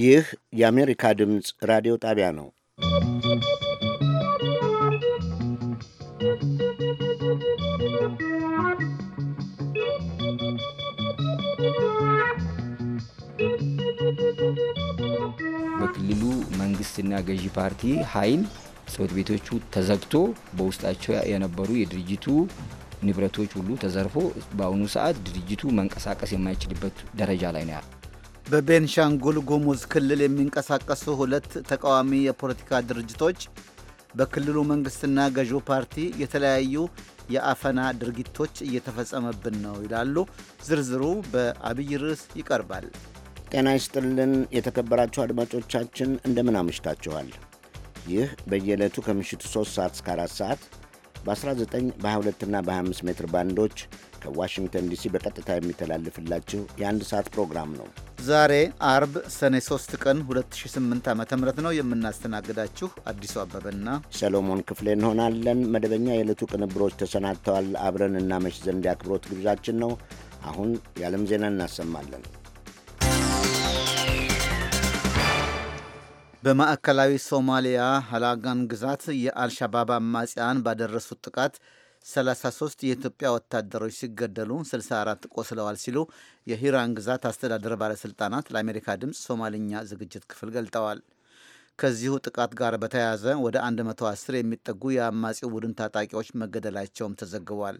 ይህ የአሜሪካ ድምፅ ራዲዮ ጣቢያ ነው። በክልሉ መንግስትና ገዢ ፓርቲ ኃይል ጽሕፈት ቤቶቹ ተዘግቶ በውስጣቸው የነበሩ የድርጅቱ ንብረቶች ሁሉ ተዘርፎ በአሁኑ ሰዓት ድርጅቱ መንቀሳቀስ የማይችልበት ደረጃ ላይ ነው ያለ በቤንሻንጉል ጉሙዝ ክልል የሚንቀሳቀሱ ሁለት ተቃዋሚ የፖለቲካ ድርጅቶች በክልሉ መንግስትና ገዢው ፓርቲ የተለያዩ የአፈና ድርጊቶች እየተፈጸመብን ነው ይላሉ። ዝርዝሩ በአብይ ርዕስ ይቀርባል። ጤና ይስጥልን የተከበራችሁ አድማጮቻችን እንደምን አምሽታችኋል? ይህ በየዕለቱ ከምሽቱ 3 ሰዓት እስከ 4 ሰዓት በ19 በ22ና በ25 ሜትር ባንዶች ከዋሽንግተን ዲሲ በቀጥታ የሚተላልፍላችሁ የአንድ ሰዓት ፕሮግራም ነው። ዛሬ አርብ ሰኔ 3 ቀን 2008 ዓ ም ነው የምናስተናግዳችሁ አዲሱ አበበና ሰሎሞን ክፍሌ እንሆናለን። መደበኛ የዕለቱ ቅንብሮች ተሰናድተዋል። አብረን እናመሽ ዘንድ የአክብሮት ግብዣችን ነው። አሁን የዓለም ዜና እናሰማለን። በማዕከላዊ ሶማሊያ ሀላጋን ግዛት የአልሻባብ አማጽያን ባደረሱት ጥቃት 33 የኢትዮጵያ ወታደሮች ሲገደሉ 64 ቆስለዋል ሲሉ የሂራን ግዛት አስተዳደር ባለሥልጣናት ለአሜሪካ ድምፅ ሶማልኛ ዝግጅት ክፍል ገልጠዋል። ከዚሁ ጥቃት ጋር በተያያዘ ወደ 110 የሚጠጉ የአማጺው ቡድን ታጣቂዎች መገደላቸውም ተዘግቧል።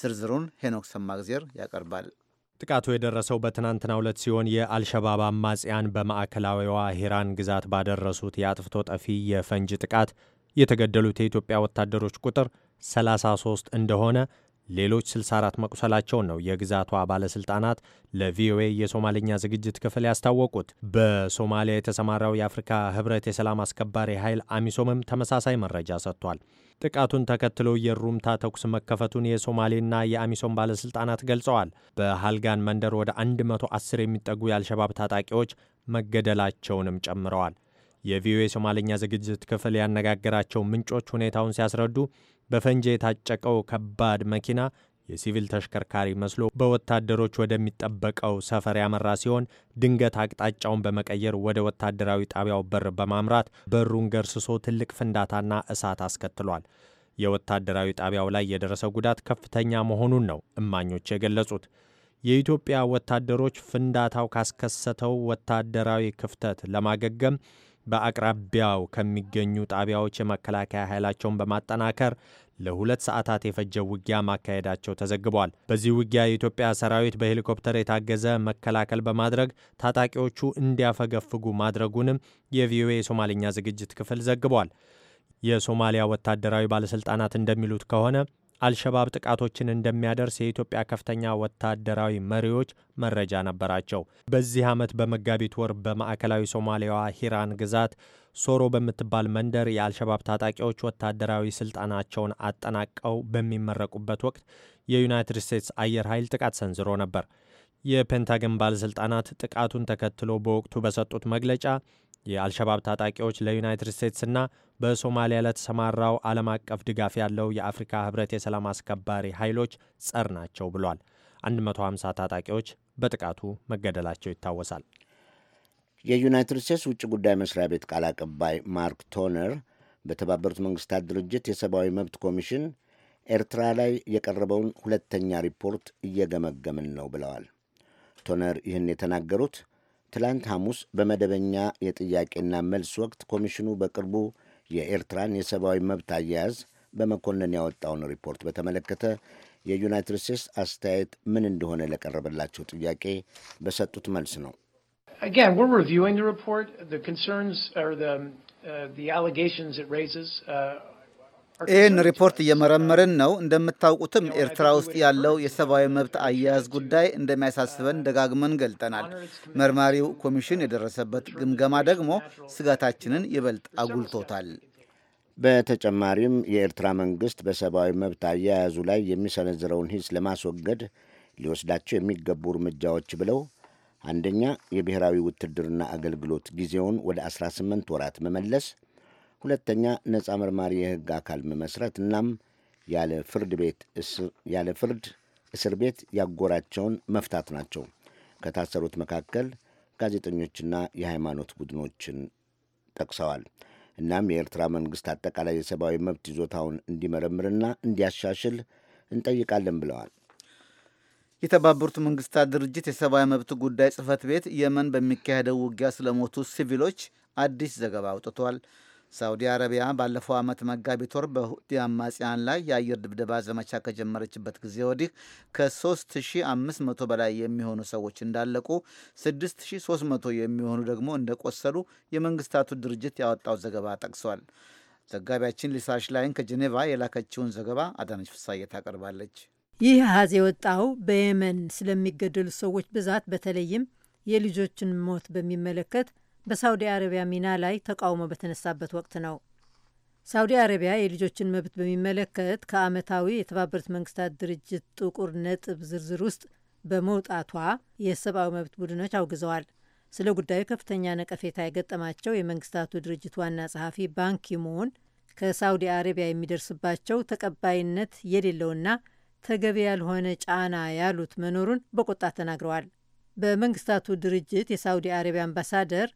ዝርዝሩን ሄኖክ ሰማግዜር ያቀርባል። ጥቃቱ የደረሰው በትናንትናው ዕለት ሲሆን የአልሸባብ አማጽያን በማዕከላዊዋ ሂራን ግዛት ባደረሱት የአጥፍቶ ጠፊ የፈንጅ ጥቃት የተገደሉት የኢትዮጵያ ወታደሮች ቁጥር 33 እንደሆነ፣ ሌሎች 64 መቁሰላቸውን ነው የግዛቷ ባለሥልጣናት ለቪኦኤ የሶማልኛ ዝግጅት ክፍል ያስታወቁት። በሶማሊያ የተሰማራው የአፍሪካ ሕብረት የሰላም አስከባሪ ኃይል አሚሶምም ተመሳሳይ መረጃ ሰጥቷል። ጥቃቱን ተከትሎ የሩምታ ተኩስ መከፈቱን የሶማሌና የአሚሶም ባለሥልጣናት ገልጸዋል። በሃልጋን መንደር ወደ 110 የሚጠጉ የአልሸባብ ታጣቂዎች መገደላቸውንም ጨምረዋል። የቪኦኤ ሶማሌኛ ዝግጅት ክፍል ያነጋገራቸው ምንጮች ሁኔታውን ሲያስረዱ በፈንጂ የታጨቀው ከባድ መኪና የሲቪል ተሽከርካሪ መስሎ በወታደሮች ወደሚጠበቀው ሰፈር ያመራ ሲሆን ድንገት አቅጣጫውን በመቀየር ወደ ወታደራዊ ጣቢያው በር በማምራት በሩን ገርስሶ ትልቅ ፍንዳታና እሳት አስከትሏል። የወታደራዊ ጣቢያው ላይ የደረሰ ጉዳት ከፍተኛ መሆኑን ነው እማኞች የገለጹት። የኢትዮጵያ ወታደሮች ፍንዳታው ካስከሰተው ወታደራዊ ክፍተት ለማገገም በአቅራቢያው ከሚገኙ ጣቢያዎች የመከላከያ ኃይላቸውን በማጠናከር ለሁለት ሰዓታት የፈጀ ውጊያ ማካሄዳቸው ተዘግቧል። በዚህ ውጊያ የኢትዮጵያ ሰራዊት በሄሊኮፕተር የታገዘ መከላከል በማድረግ ታጣቂዎቹ እንዲያፈገፍጉ ማድረጉንም የቪኦኤ የሶማልኛ ዝግጅት ክፍል ዘግቧል። የሶማሊያ ወታደራዊ ባለሥልጣናት እንደሚሉት ከሆነ አልሸባብ ጥቃቶችን እንደሚያደርስ የኢትዮጵያ ከፍተኛ ወታደራዊ መሪዎች መረጃ ነበራቸው። በዚህ ዓመት በመጋቢት ወር በማዕከላዊ ሶማሊያዋ ሂራን ግዛት ሶሮ በምትባል መንደር የአልሸባብ ታጣቂዎች ወታደራዊ ስልጣናቸውን አጠናቀው በሚመረቁበት ወቅት የዩናይትድ ስቴትስ አየር ኃይል ጥቃት ሰንዝሮ ነበር። የፔንታገን ባለሥልጣናት ጥቃቱን ተከትሎ በወቅቱ በሰጡት መግለጫ የአልሸባብ ታጣቂዎች ለዩናይትድ ስቴትስና በሶማሊያ ለተሰማራው ዓለም አቀፍ ድጋፍ ያለው የአፍሪካ ህብረት የሰላም አስከባሪ ኃይሎች ጸር ናቸው ብሏል። 150 ታጣቂዎች በጥቃቱ መገደላቸው ይታወሳል። የዩናይትድ ስቴትስ ውጭ ጉዳይ መስሪያ ቤት ቃል አቀባይ ማርክ ቶነር በተባበሩት መንግስታት ድርጅት የሰብአዊ መብት ኮሚሽን ኤርትራ ላይ የቀረበውን ሁለተኛ ሪፖርት እየገመገምን ነው ብለዋል። ቶነር ይህን የተናገሩት ትላንት ሐሙስ በመደበኛ የጥያቄና መልስ ወቅት ኮሚሽኑ በቅርቡ የኤርትራን የሰብአዊ መብት አያያዝ በመኮንን ያወጣውን ሪፖርት በተመለከተ የዩናይትድ ስቴትስ አስተያየት ምን እንደሆነ ለቀረበላቸው ጥያቄ በሰጡት መልስ ነው። ይህን ሪፖርት እየመረመርን ነው። እንደምታውቁትም ኤርትራ ውስጥ ያለው የሰብአዊ መብት አያያዝ ጉዳይ እንደሚያሳስበን ደጋግመን ገልጠናል። መርማሪው ኮሚሽን የደረሰበት ግምገማ ደግሞ ስጋታችንን ይበልጥ አጉልቶታል። በተጨማሪም የኤርትራ መንግስት በሰብአዊ መብት አያያዙ ላይ የሚሰነዝረውን ሂስ ለማስወገድ ሊወስዳቸው የሚገቡ እርምጃዎች ብለው አንደኛ የብሔራዊ ውትድርና አገልግሎት ጊዜውን ወደ 18 ወራት መመለስ ሁለተኛ ነፃ መርማሪ የህግ አካል መመስረት እናም ያለ ፍርድ እስር ቤት ያጎራቸውን መፍታት ናቸው። ከታሰሩት መካከል ጋዜጠኞችና የሃይማኖት ቡድኖችን ጠቅሰዋል። እናም የኤርትራ መንግሥት አጠቃላይ የሰብአዊ መብት ይዞታውን እንዲመረምርና እንዲያሻሽል እንጠይቃለን ብለዋል። የተባበሩት መንግስታት ድርጅት የሰብአዊ መብት ጉዳይ ጽህፈት ቤት የመን በሚካሄደው ውጊያ ስለሞቱ ሲቪሎች አዲስ ዘገባ አውጥቷል። ሳውዲ አረቢያ ባለፈው ዓመት መጋቢት ወር በሁቲ አማጽያን ላይ የአየር ድብደባ ዘመቻ ከጀመረችበት ጊዜ ወዲህ ከ3500 በላይ የሚሆኑ ሰዎች እንዳለቁ፣ 6300 የሚሆኑ ደግሞ እንደቆሰሉ የመንግስታቱ ድርጅት ያወጣው ዘገባ ጠቅሷል። ዘጋቢያችን ሊሳሽ ላይን ከጄኔቫ የላከችውን ዘገባ አዳነች ፍሳዬ ታቀርባለች። ይህ አሃዝ የወጣው በየመን ስለሚገደሉ ሰዎች ብዛት በተለይም የልጆችን ሞት በሚመለከት በሳውዲ አረቢያ ሚና ላይ ተቃውሞ በተነሳበት ወቅት ነው። ሳውዲ አረቢያ የልጆችን መብት በሚመለከት ከዓመታዊ የተባበሩት መንግስታት ድርጅት ጥቁር ነጥብ ዝርዝር ውስጥ በመውጣቷ የሰብአዊ መብት ቡድኖች አውግዘዋል። ስለ ጉዳዩ ከፍተኛ ነቀፌታ የገጠማቸው የመንግስታቱ ድርጅት ዋና ጸሐፊ ባንኪሙን ከሳውዲ አረቢያ የሚደርስባቸው ተቀባይነት የሌለውና ተገቢ ያልሆነ ጫና ያሉት መኖሩን በቁጣ ተናግረዋል። በመንግስታቱ ድርጅት የሳውዲ አረቢያ አምባሳደር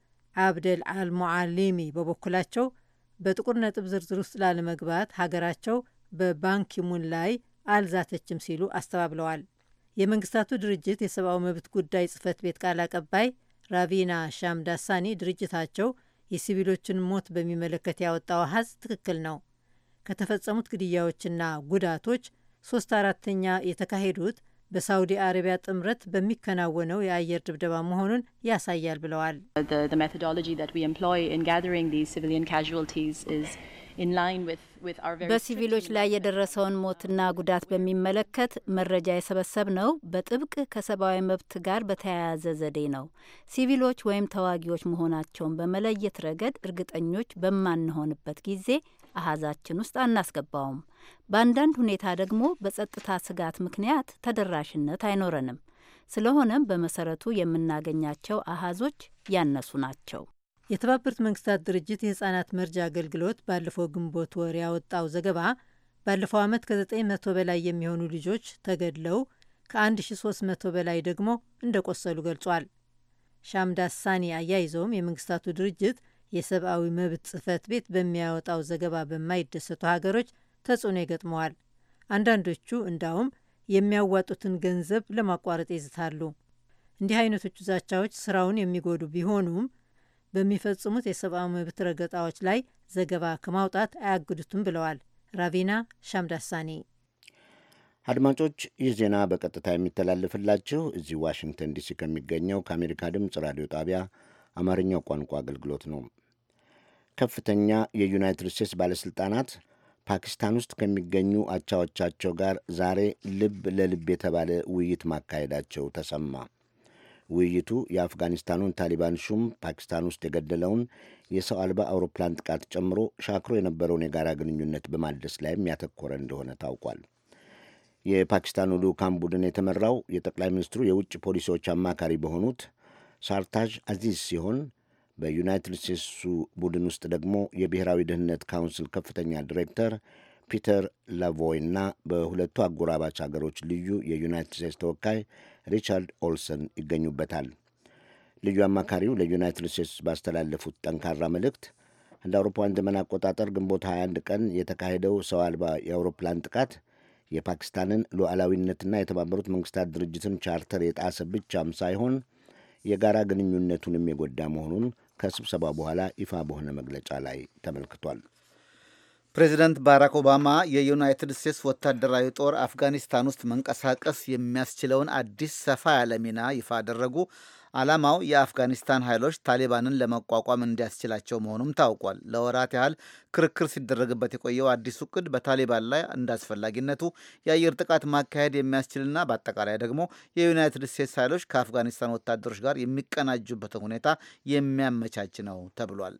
አብደል አልሙዓሊሚ በበኩላቸው በጥቁር ነጥብ ዝርዝር ውስጥ ላለመግባት ሀገራቸው በባንኪሙን ላይ አልዛተችም ሲሉ አስተባብለዋል። የመንግስታቱ ድርጅት የሰብአዊ መብት ጉዳይ ጽህፈት ቤት ቃል አቀባይ ራቪና ሻምዳሳኒ ድርጅታቸው የሲቪሎችን ሞት በሚመለከት ያወጣው አሀዝ ትክክል ነው፣ ከተፈጸሙት ግድያዎችና ጉዳቶች ሶስት አራተኛ የተካሄዱት በሳውዲ አረቢያ ጥምረት በሚከናወነው የአየር ድብደባ መሆኑን ያሳያል ብለዋል። በሲቪሎች ላይ የደረሰውን ሞትና ጉዳት በሚመለከት መረጃ የሰበሰብ ነው። በጥብቅ ከሰብአዊ መብት ጋር በተያያዘ ዘዴ ነው። ሲቪሎች ወይም ተዋጊዎች መሆናቸውን በመለየት ረገድ እርግጠኞች በማንሆንበት ጊዜ አሃዛችን ውስጥ አናስገባውም። በአንዳንድ ሁኔታ ደግሞ በጸጥታ ስጋት ምክንያት ተደራሽነት አይኖረንም። ስለሆነም በመሰረቱ የምናገኛቸው አሃዞች ያነሱ ናቸው። የተባበሩት መንግስታት ድርጅት የህጻናት መርጃ አገልግሎት ባለፈው ግንቦት ወር ያወጣው ዘገባ ባለፈው ዓመት ከ900 በላይ የሚሆኑ ልጆች ተገድለው ከ1300 በላይ ደግሞ እንደቆሰሉ ገልጿል። ሻምዳሳኒ አያይዘውም የመንግስታቱ ድርጅት የሰብአዊ መብት ጽህፈት ቤት በሚያወጣው ዘገባ በማይደሰቱ ሀገሮች ተጽዕኖ ይገጥመዋል። አንዳንዶቹ እንዳውም የሚያዋጡትን ገንዘብ ለማቋረጥ ይዝታሉ። እንዲህ አይነቶቹ ዛቻዎች ስራውን የሚጎዱ ቢሆኑም በሚፈጽሙት የሰብአዊ መብት ረገጣዎች ላይ ዘገባ ከማውጣት አያግዱትም ብለዋል። ራቪና ሻምዳሳኔ። አድማጮች ይህ ዜና በቀጥታ የሚተላለፍላችሁ እዚህ ዋሽንግተን ዲሲ ከሚገኘው ከአሜሪካ ድምፅ ራዲዮ ጣቢያ አማርኛው ቋንቋ አገልግሎት ነው። ከፍተኛ የዩናይትድ ስቴትስ ባለሥልጣናት ፓኪስታን ውስጥ ከሚገኙ አቻዎቻቸው ጋር ዛሬ ልብ ለልብ የተባለ ውይይት ማካሄዳቸው ተሰማ። ውይይቱ የአፍጋኒስታኑን ታሊባን ሹም ፓኪስታን ውስጥ የገደለውን የሰው አልባ አውሮፕላን ጥቃት ጨምሮ ሻክሮ የነበረውን የጋራ ግንኙነት በማደስ ላይም ያተኮረ እንደሆነ ታውቋል። የፓኪስታኑ ልዑካን ቡድን የተመራው የጠቅላይ ሚኒስትሩ የውጭ ፖሊሲዎች አማካሪ በሆኑት ሳርታጅ አዚዝ ሲሆን በዩናይትድ ስቴትሱ ቡድን ውስጥ ደግሞ የብሔራዊ ደህንነት ካውንስል ከፍተኛ ዲሬክተር ፒተር ላቮይ እና በሁለቱ አጎራባች አገሮች ልዩ የዩናይትድ ስቴትስ ተወካይ ሪቻርድ ኦልሰን ይገኙበታል። ልዩ አማካሪው ለዩናይትድ ስቴትስ ባስተላለፉት ጠንካራ መልእክት እንደ አውሮፓውያን ዘመን አቆጣጠር ግንቦት 21 ቀን የተካሄደው ሰው አልባ የአውሮፕላን ጥቃት የፓኪስታንን ሉዓላዊነትና የተባበሩት መንግስታት ድርጅትን ቻርተር የጣሰ ብቻም ሳይሆን የጋራ ግንኙነቱንም የጎዳ መሆኑን ከስብሰባ በኋላ ይፋ በሆነ መግለጫ ላይ ተመልክቷል። ፕሬዚደንት ባራክ ኦባማ የዩናይትድ ስቴትስ ወታደራዊ ጦር አፍጋኒስታን ውስጥ መንቀሳቀስ የሚያስችለውን አዲስ ሰፋ ያለ ሚና ይፋ አደረጉ። ዓላማው የአፍጋኒስታን ኃይሎች ታሊባንን ለመቋቋም እንዲያስችላቸው መሆኑም ታውቋል። ለወራት ያህል ክርክር ሲደረግበት የቆየው አዲሱ እቅድ በታሊባን ላይ እንዳስፈላጊነቱ የአየር ጥቃት ማካሄድ የሚያስችልና በአጠቃላይ ደግሞ የዩናይትድ ስቴትስ ኃይሎች ከአፍጋኒስታን ወታደሮች ጋር የሚቀናጁበትን ሁኔታ የሚያመቻች ነው ተብሏል።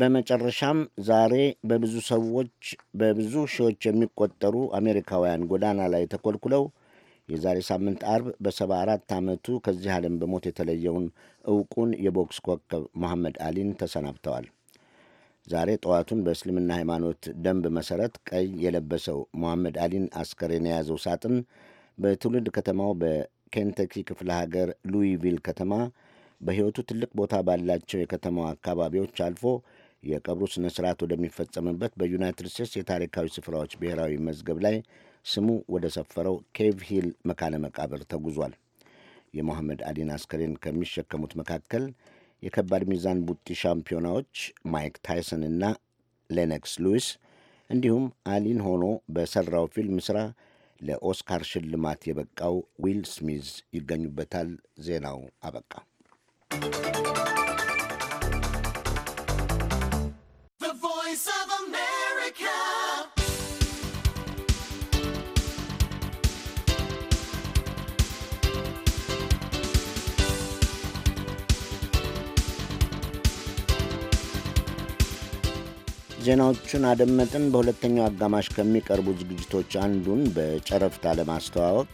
በመጨረሻም ዛሬ በብዙ ሰዎች በብዙ ሺዎች የሚቆጠሩ አሜሪካውያን ጎዳና ላይ ተኮልኩለው የዛሬ ሳምንት አርብ በሰባ አራት ዓመቱ ከዚህ ዓለም በሞት የተለየውን ዕውቁን የቦክስ ኮከብ መሐመድ አሊን ተሰናብተዋል። ዛሬ ጠዋቱን በእስልምና ሃይማኖት ደንብ መሠረት ቀይ የለበሰው መሐመድ አሊን አስከሬን የያዘው ሳጥን በትውልድ ከተማው በኬንተኪ ክፍለ ሀገር ሉዊቪል ከተማ በሕይወቱ ትልቅ ቦታ ባላቸው የከተማው አካባቢዎች አልፎ የቀብሩ ሥነ ሥርዓት ወደሚፈጸምበት በዩናይትድ ስቴትስ የታሪካዊ ስፍራዎች ብሔራዊ መዝገብ ላይ ስሙ ወደ ሰፈረው ኬቭ ሂል መካነ መቃብር ተጉዟል። የሞሐመድ አሊን አስከሬን ከሚሸከሙት መካከል የከባድ ሚዛን ቡጢ ሻምፒዮናዎች ማይክ ታይሰን እና ሌነክስ ሉዊስ እንዲሁም አሊን ሆኖ በሠራው ፊልም ሥራ ለኦስካር ሽልማት የበቃው ዊል ስሚዝ ይገኙበታል። ዜናው አበቃ። ዜናዎቹን አደመጥን። በሁለተኛው አጋማሽ ከሚቀርቡ ዝግጅቶች አንዱን በጨረፍታ ለማስተዋወቅ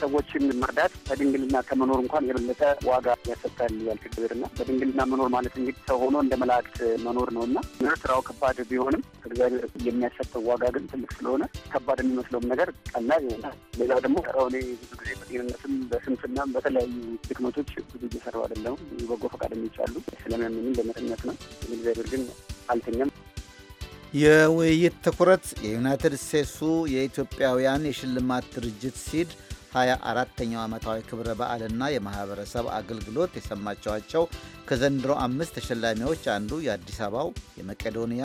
ሰዎችን መርዳት በድንግልና ከመኖር እንኳን የበለጠ ዋጋ ያሰጣል ይላል እግዚአብሔርና በድንግልና መኖር ማለት እንግዲህ ሰው ሆኖ እንደ መላእክት መኖር ነው እና ስራው ከባድ ቢሆንም እግዚአብሔር የሚያሰጠው ዋጋ ግን ትልቅ ስለሆነ ከባድ የሚመስለውም ነገር ቀላል ይሆናል። ሌላው ደግሞ እኔ ብዙ ጊዜ በጤንነትም በስንፍናም በተለያዩ ድክመቶች ብዙ እየሰራው አይደለም። በጎ ፈቃደኞች አሉ ስለሚያምንም በመጠነት ነው እግዚአብሔር ግን አልተኛም። የውይይት ትኩረት የዩናይትድ ስቴትሱ የኢትዮጵያውያን የሽልማት ድርጅት ሲድ ሀያ አራተኛው ዓመታዊ ክብረ በዓልና የማህበረሰብ አገልግሎት የሰማቸዋቸው ከዘንድሮ አምስት ተሸላሚዎች አንዱ የአዲስ አበባው የመቄዶንያ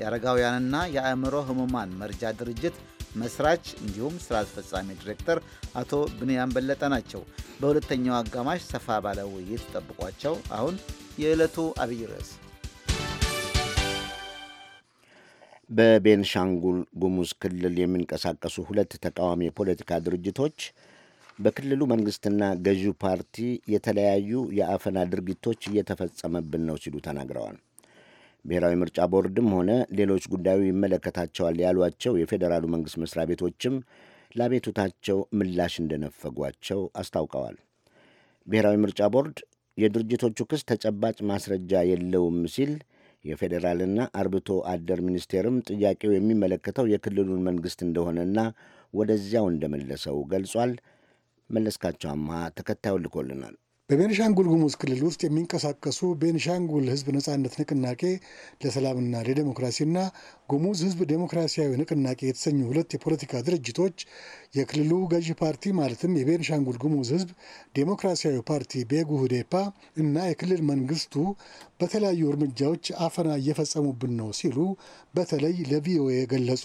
የአረጋውያንና የአእምሮ ህሙማን መርጃ ድርጅት መስራች እንዲሁም ስራ አስፈጻሚ ዲሬክተር አቶ ብንያም በለጠ ናቸው። በሁለተኛው አጋማሽ ሰፋ ባለ ውይይት ጠብቋቸው። አሁን የዕለቱ አብይ ርዕስ በቤንሻንጉል ጉሙዝ ክልል የሚንቀሳቀሱ ሁለት ተቃዋሚ የፖለቲካ ድርጅቶች በክልሉ መንግስትና ገዢው ፓርቲ የተለያዩ የአፈና ድርጊቶች እየተፈጸመብን ነው ሲሉ ተናግረዋል። ብሔራዊ ምርጫ ቦርድም ሆነ ሌሎች ጉዳዩ ይመለከታቸዋል ያሏቸው የፌዴራሉ መንግሥት መስሪያ ቤቶችም ለአቤቱታቸው ምላሽ እንደነፈጓቸው አስታውቀዋል። ብሔራዊ ምርጫ ቦርድ የድርጅቶቹ ክስ ተጨባጭ ማስረጃ የለውም ሲል የፌዴራልና አርብቶ አደር ሚኒስቴርም ጥያቄው የሚመለከተው የክልሉን መንግሥት እንደሆነና ወደዚያው እንደመለሰው ገልጿል። መለስካቸው አምሃ ተከታዩን ልኮልናል። በቤንሻንጉል ጉሙዝ ክልል ውስጥ የሚንቀሳቀሱ ቤንሻንጉል ህዝብ ነጻነት ንቅናቄ ለሰላምና ለዴሞክራሲና ጉሙዝ ህዝብ ዴሞክራሲያዊ ንቅናቄ የተሰኙ ሁለት የፖለቲካ ድርጅቶች የክልሉ ገዢ ፓርቲ ማለትም የቤንሻንጉል ጉሙዝ ህዝብ ዴሞክራሲያዊ ፓርቲ ቤጉህዴፓ እና የክልል መንግስቱ በተለያዩ እርምጃዎች አፈና እየፈጸሙብን ነው ሲሉ በተለይ ለቪኦኤ ገለጹ።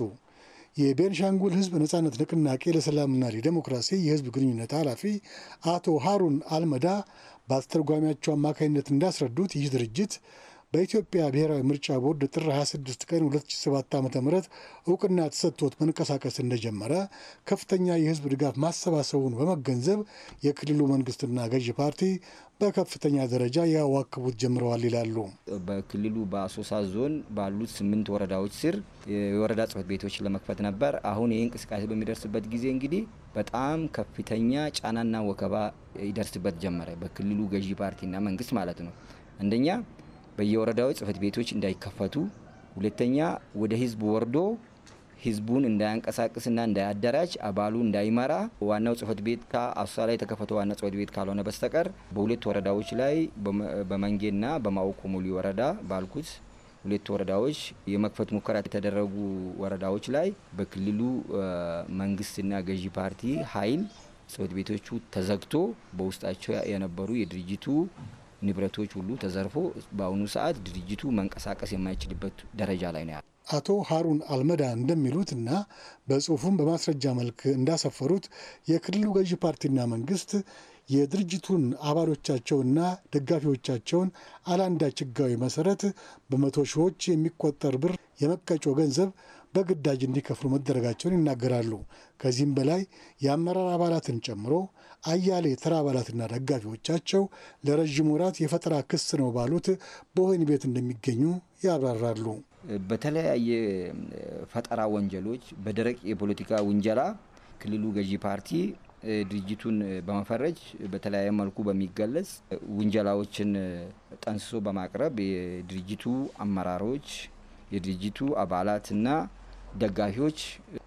የቤንሻንጉል ህዝብ ነጻነት ንቅናቄ ለሰላምና ለዴሞክራሲ የህዝብ ግንኙነት ኃላፊ አቶ ሀሩን አልመዳ በአስተርጓሚያቸው አማካኝነት እንዳስረዱት ይህ ድርጅት በኢትዮጵያ ብሔራዊ ምርጫ ቦርድ ጥር 26 ቀን 2007 ዓ ም እውቅና ተሰጥቶት መንቀሳቀስ እንደጀመረ ከፍተኛ የህዝብ ድጋፍ ማሰባሰቡን በመገንዘብ የክልሉ መንግስትና ገዢ ፓርቲ በከፍተኛ ደረጃ ያዋክቡት ጀምረዋል ይላሉ። በክልሉ በአሶሳ ዞን ባሉት ስምንት ወረዳዎች ስር የወረዳ ጽህፈት ቤቶች ለመክፈት ነበር። አሁን ይህ እንቅስቃሴ በሚደርስበት ጊዜ እንግዲህ በጣም ከፍተኛ ጫናና ወከባ ይደርስበት ጀመረ። በክልሉ ገዢ ፓርቲና መንግስት ማለት ነው። አንደኛ በየወረዳዎች ጽህፈት ቤቶች እንዳይከፈቱ፣ ሁለተኛ ወደ ህዝብ ወርዶ ህዝቡን እንዳያንቀሳቅስና እንዳያደራጅ አባሉ እንዳይመራ ዋናው ጽህፈት ቤት ከአሶሳ ላይ የተከፈተ ዋና ጽህፈት ቤት ካልሆነ በስተቀር በሁለት ወረዳዎች ላይ በመንጌና በማወቁ ሙሊ ወረዳ ባልኩት ሁለት ወረዳዎች የመክፈት ሙከራ የተደረጉ ወረዳዎች ላይ በክልሉ መንግስትና ገዢ ፓርቲ ኃይል ጽህፈት ቤቶቹ ተዘግቶ በውስጣቸው የነበሩ የድርጅቱ ንብረቶች ሁሉ ተዘርፎ በአሁኑ ሰዓት ድርጅቱ መንቀሳቀስ የማይችልበት ደረጃ ላይ ነው ያለ አቶ ሀሩን አልመዳ እንደሚሉት እና በጽሁፉም በማስረጃ መልክ እንዳሰፈሩት የክልሉ ገዢ ፓርቲና መንግስት የድርጅቱን አባሎቻቸውና ደጋፊዎቻቸውን አላንዳች ሕጋዊ መሰረት በመቶ ሺዎች የሚቆጠር ብር የመቀጮ ገንዘብ በግዳጅ እንዲከፍሉ መደረጋቸውን ይናገራሉ። ከዚህም በላይ የአመራር አባላትን ጨምሮ አያሌ ተራ አባላትና ደጋፊዎቻቸው ለረዥም ወራት የፈጠራ ክስ ነው ባሉት በወህኒ ቤት እንደሚገኙ ያብራራሉ። በተለያየ ፈጠራ ወንጀሎች፣ በደረቅ የፖለቲካ ውንጀላ ክልሉ ገዢ ፓርቲ ድርጅቱን በመፈረጅ በተለያየ መልኩ በሚገለጽ ውንጀላዎችን ጠንስሶ በማቅረብ የድርጅቱ አመራሮች፣ የድርጅቱ አባላትና ደጋፊዎች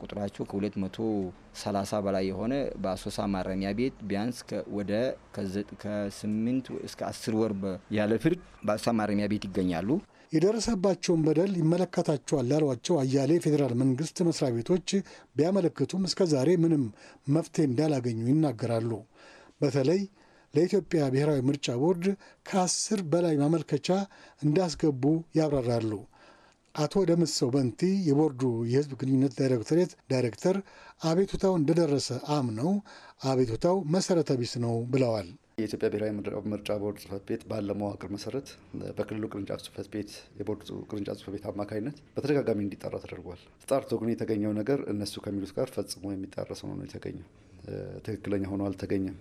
ቁጥራቸው ከ230 በላይ የሆነ በአሶሳ ማረሚያ ቤት ቢያንስ ወደ ከ8 እስከ 10 ወር ያለ ፍርድ በአሶሳ ማረሚያ ቤት ይገኛሉ። የደረሰባቸውን በደል ይመለከታቸዋል ያሏቸው አያሌ የፌዴራል መንግስት መስሪያ ቤቶች ቢያመለክቱም እስከ ዛሬ ምንም መፍትሄ እንዳላገኙ ይናገራሉ። በተለይ ለኢትዮጵያ ብሔራዊ ምርጫ ቦርድ ከአስር በላይ ማመልከቻ እንዳስገቡ ያብራራሉ። አቶ ደምሰው በንቲ የቦርዱ የህዝብ ግንኙነት ዳይሬክቶሬት ዳይሬክተር አቤቱታው እንደደረሰ አምነው አቤቱታው መሰረተ ቢስ ነው ብለዋል። የኢትዮጵያ ብሔራዊ ምርጫ ቦርድ ጽህፈት ቤት ባለ መዋቅር መሰረት በክልሉ ቅርንጫፍ ጽህፈት ቤት የቦርድ ቅርንጫፍ ጽህፈት ቤት አማካኝነት በተደጋጋሚ እንዲጠራ ተደርጓል። ተጣርቶ ግን የተገኘው ነገር እነሱ ከሚሉት ጋር ፈጽሞ የሚጣረስ ነው የተገኘው። ትክክለኛ ሆኖ አልተገኘም።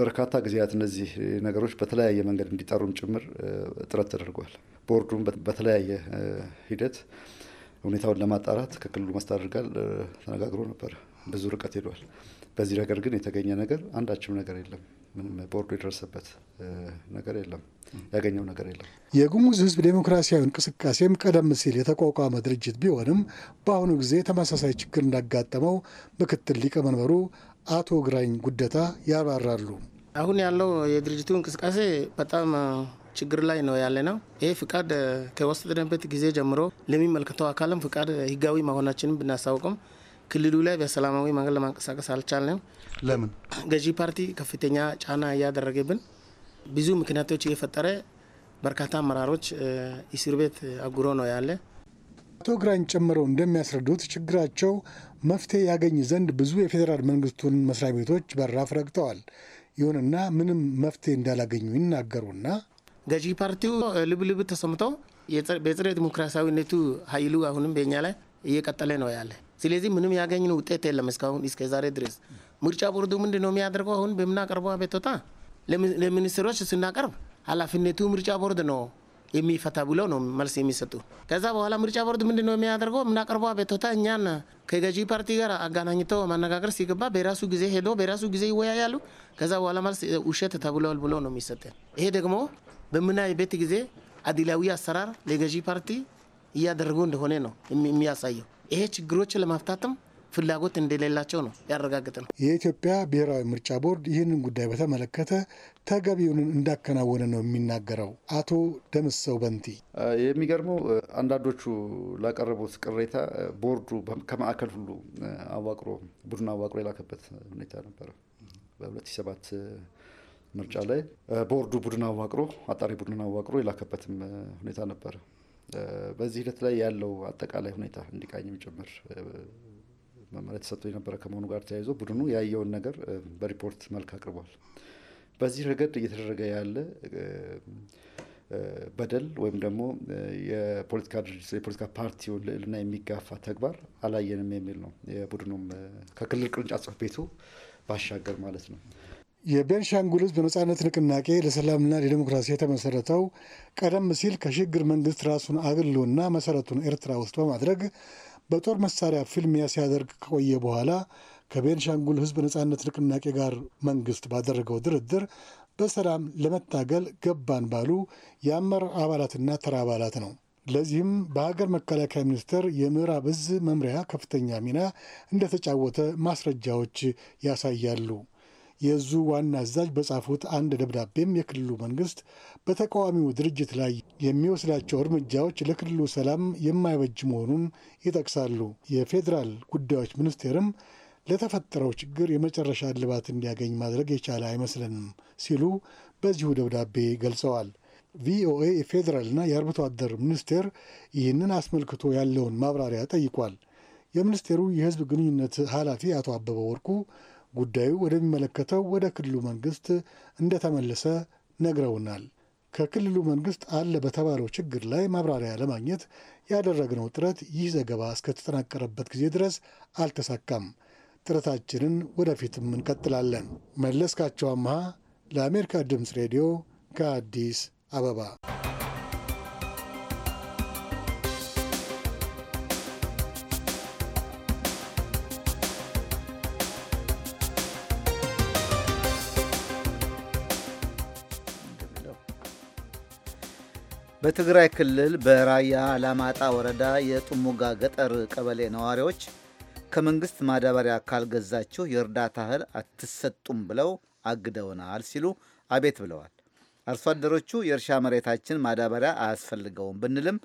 በርካታ ጊዜያት እነዚህ ነገሮች በተለያየ መንገድ እንዲጠሩም ጭምር ጥረት ተደርጓል። ቦርዱን በተለያየ ሂደት ሁኔታውን ለማጣራት ከክልሉ መስተዳድር ጋር ተነጋግሮ ነበር። ብዙ ርቀት ሄዷል። በዚህ ነገር ግን የተገኘ ነገር አንዳችም ነገር የለም። ምንም ቦርዱ የደረሰበት ነገር የለም። ያገኘው ነገር የለም። የጉሙዝ ህዝብ ዴሞክራሲያዊ እንቅስቃሴም ቀደም ሲል የተቋቋመ ድርጅት ቢሆንም በአሁኑ ጊዜ ተመሳሳይ ችግር እንዳጋጠመው ምክትል ሊቀመንበሩ አቶ ግራኝ ጉደታ ያብራራሉ። አሁን ያለው የድርጅቱ እንቅስቃሴ በጣም ችግር ላይ ነው ያለ ነው። ይህ ፍቃድ ከወሰድንበት ጊዜ ጀምሮ ለሚመለከተው አካልም ፍቃድ ህጋዊ መሆናችንም ብናሳውቅም ክልሉ ላይ በሰላማዊ መንገድ ለማንቀሳቀስ አልቻልንም። ለምን? ገዢ ፓርቲ ከፍተኛ ጫና እያደረገብን ብዙ ምክንያቶች እየፈጠረ በርካታ አመራሮች እስር ቤት አጉሮ ነው ያለ። አቶ ግራኝ ጨምረው እንደሚያስረዱት ችግራቸው መፍትሄ ያገኝ ዘንድ ብዙ የፌዴራል መንግስቱን መስሪያ ቤቶች በራፍ ረግጠዋል። ይሁንና ምንም መፍትሄ እንዳላገኙ ይናገሩና ገዢ ፓርቲው ልብልብ ተሰምቶ በጸረ ዲሞክራሲያዊነቱ ኃይሉ አሁንም በኛ ላይ እየቀጠለ ነው ያለ። ስለዚህ ምንም ያገኘነው ውጤት የለም እስካሁን እስከ ዛሬ ድረስ። ምርጫ ቦርዱ ምንድ ነው የሚያደርገው? አሁን በምናቀርበው አቤቱታ ለሚኒስትሮች ስናቀርብ ኃላፊነቱ ምርጫ ቦርድ ነው የሚፈታ ብለው ነው መልስ የሚሰጡ። ከዛ በኋላ ምርጫ ቦርድ ምንድ ነው የሚያደርገው? የምናቀርበው አቤቱታ እኛን ከገዢ ፓርቲ ጋር አገናኝተው ማነጋገር ሲገባ በራሱ ጊዜ ሄዶ በራሱ ጊዜ ይወያያሉ። ከዛ በኋላ መልስ ውሸት ተብለዋል ብሎ ነው የሚሰጠን። ይሄ ደግሞ በምናይበት ጊዜ አዲላዊ አሰራር ለገዢ ፓርቲ እያደረጉ እንደሆነ ነው የሚያሳየው። ይሄ ችግሮች ለማፍታትም ፍላጎት እንደሌላቸው ነው ያረጋግጥ ነው። የኢትዮጵያ ብሔራዊ ምርጫ ቦርድ ይህንን ጉዳይ በተመለከተ ተገቢውን እንዳከናወነ ነው የሚናገረው አቶ ደምሰው በንቲ። የሚገርመው አንዳንዶቹ ላቀረቡት ቅሬታ ቦርዱ ከማዕከል ሁሉ አዋቅሮ ቡድን አዋቅሮ የላከበት ሁኔታ ነበረ በ2007 ምርጫ ላይ ቦርዱ ቡድን አዋቅሮ አጣሪ ቡድን አዋቅሮ የላከበትም ሁኔታ ነበረ። በዚህ ሂደት ላይ ያለው አጠቃላይ ሁኔታ እንዲቃኝም ጭምር መመሪያ ተሰጥቶ የነበረ ከመሆኑ ጋር ተያይዞ ቡድኑ ያየውን ነገር በሪፖርት መልክ አቅርቧል። በዚህ ረገድ እየተደረገ ያለ በደል ወይም ደግሞ የፖለቲካ ድርጅት የፖለቲካ ፓርቲውን ልዕልና የሚጋፋ ተግባር አላየንም የሚል ነው የቡድኑም ከክልል ቅርንጫፍ ጽሕፈት ቤቱ ባሻገር ማለት ነው። የቤንሻንጉል ህዝብ በነጻነት ንቅናቄ ለሰላምና ለዲሞክራሲ የተመሰረተው ቀደም ሲል ከሽግግር መንግስት ራሱን አግሎና መሰረቱን ኤርትራ ውስጥ በማድረግ በጦር መሳሪያ ፊልሚያ ሲያደርግ ከቆየ በኋላ ከቤንሻንጉል ህዝብ ነጻነት ንቅናቄ ጋር መንግስት ባደረገው ድርድር በሰላም ለመታገል ገባን ባሉ የአመራር አባላትና ተራ አባላት ነው። ለዚህም በሀገር መከላከያ ሚኒስቴር የምዕራብ እዝ መምሪያ ከፍተኛ ሚና እንደተጫወተ ማስረጃዎች ያሳያሉ። የዙ ዋና አዛዥ በጻፉት አንድ ደብዳቤም የክልሉ መንግስት በተቃዋሚው ድርጅት ላይ የሚወስዳቸው እርምጃዎች ለክልሉ ሰላም የማይበጅ መሆኑን ይጠቅሳሉ። የፌዴራል ጉዳዮች ሚኒስቴርም ለተፈጠረው ችግር የመጨረሻ እልባት እንዲያገኝ ማድረግ የቻለ አይመስለንም ሲሉ በዚሁ ደብዳቤ ገልጸዋል። ቪኦኤ የፌዴራልና የአርብቶ አደር ሚኒስቴር ይህንን አስመልክቶ ያለውን ማብራሪያ ጠይቋል። የሚኒስቴሩ የህዝብ ግንኙነት ኃላፊ አቶ አበበ ወርቁ ጉዳዩ ወደሚመለከተው ወደ ክልሉ መንግስት እንደተመለሰ ነግረውናል። ከክልሉ መንግስት አለ በተባለው ችግር ላይ ማብራሪያ ለማግኘት ያደረግነው ጥረት ይህ ዘገባ እስከተጠናቀረበት ጊዜ ድረስ አልተሳካም። ጥረታችንን ወደፊትም እንቀጥላለን። መለስካቸው አምሃ ለአሜሪካ ድምፅ ሬዲዮ ከአዲስ አበባ በትግራይ ክልል በራያ አላማጣ ወረዳ የጥሙጋ ገጠር ቀበሌ ነዋሪዎች ከመንግሥት ማዳበሪያ ካልገዛችሁ የእርዳታ እህል አትሰጡም ብለው አግደውናል ሲሉ አቤት ብለዋል። አርሶ አደሮቹ የእርሻ መሬታችን ማዳበሪያ አያስፈልገውም ብንልም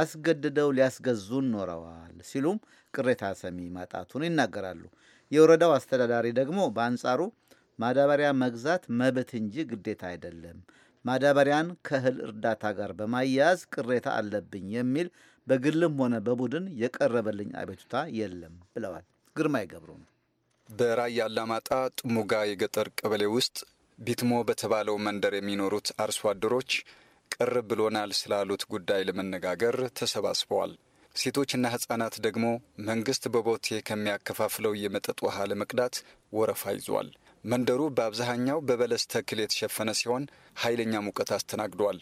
አስገድደው ሊያስገዙን ኖረዋል ሲሉም ቅሬታ ሰሚ ማጣቱን ይናገራሉ። የወረዳው አስተዳዳሪ ደግሞ በአንጻሩ ማዳበሪያ መግዛት መብት እንጂ ግዴታ አይደለም ማዳበሪያን ከእህል እርዳታ ጋር በማያያዝ ቅሬታ አለብኝ የሚል በግልም ሆነ በቡድን የቀረበልኝ አቤቱታ የለም ብለዋል። ግርማ ይገብሩ ነው። በራያ አላማጣ ጥሙጋ የገጠር ቀበሌ ውስጥ ቢትሞ በተባለው መንደር የሚኖሩት አርሶ አደሮች ቅር ብሎናል ስላሉት ጉዳይ ለመነጋገር ተሰባስበዋል። ሴቶችና ሕፃናት ደግሞ መንግሥት በቦቴ ከሚያከፋፍለው የመጠጥ ውሃ ለመቅዳት ወረፋ ይዟል። መንደሩ በአብዛኛው በበለስ ተክል የተሸፈነ ሲሆን ኃይለኛ ሙቀት አስተናግዷል።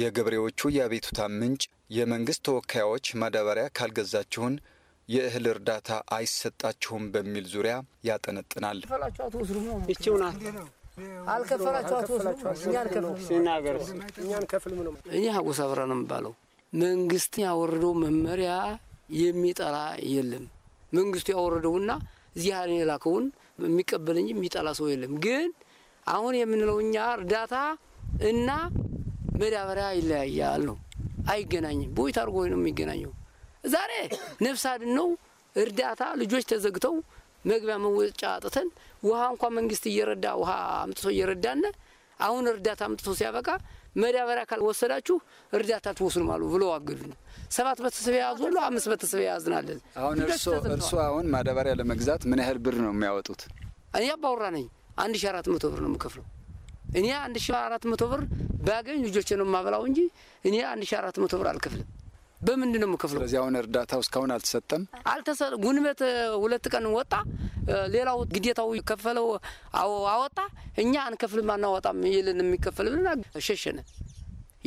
የገበሬዎቹ የአቤቱታ ምንጭ የመንግስት ተወካዮች ማዳበሪያ ካልገዛችሁን የእህል እርዳታ አይሰጣችሁም በሚል ዙሪያ ያጠነጥናል። ይቺው ናት። እኛ ብራ ነው መንግስት ያወረደው መመሪያ የሚጠራ የለም። መንግስቱ ያወረደውና እዚህ ሀይን የላከውን የሚቀበለኝ የሚጠላ ሰው የለም። ግን አሁን የምንለው እኛ እርዳታ እና መዳበሪያ ይለያያል ነው፣ አይገናኝም። ቦይት አድርጎ ነው የሚገናኘው። ዛሬ ነፍስ አድን ነው እርዳታ። ልጆች ተዘግተው መግቢያ መወጫ አጥተን ውሃ እንኳ መንግስት እየረዳ ውሃ አምጥቶ እየረዳነ አሁን እርዳታ አምጥቶ ሲያበቃ መዳበሪያ ካልወሰዳችሁ እርዳታ ትወስኑ አሉ ብሎ አገዱን። ሰባት በተሰብ የያዙ ሁሉ አምስት በተሰብ የያዝናለን። አሁን እርሶ እርሶ አሁን ማዳበሪያ ለመግዛት ምን ያህል ብር ነው የሚያወጡት? እኔ አባውራ ነኝ። አንድ ሺ አራት መቶ ብር ነው የምከፍለው። እኔ አንድ ሺ አራት መቶ ብር ባገኝ ልጆቼ ነው የማበላው እንጂ እኔ አንድ ሺ አራት መቶ ብር አልከፍልም። በምንድን ነው የምከፍለው? ስለዚህ አሁን እርዳታው እስካሁን አልተሰጠም። አልተሰ ጉንበት ሁለት ቀን ወጣ፣ ሌላው ግዴታው ከፈለው አወጣ። እኛ አንከፍልም አናወጣም፣ የለን የሚከፈል ብለና ሸሸነ።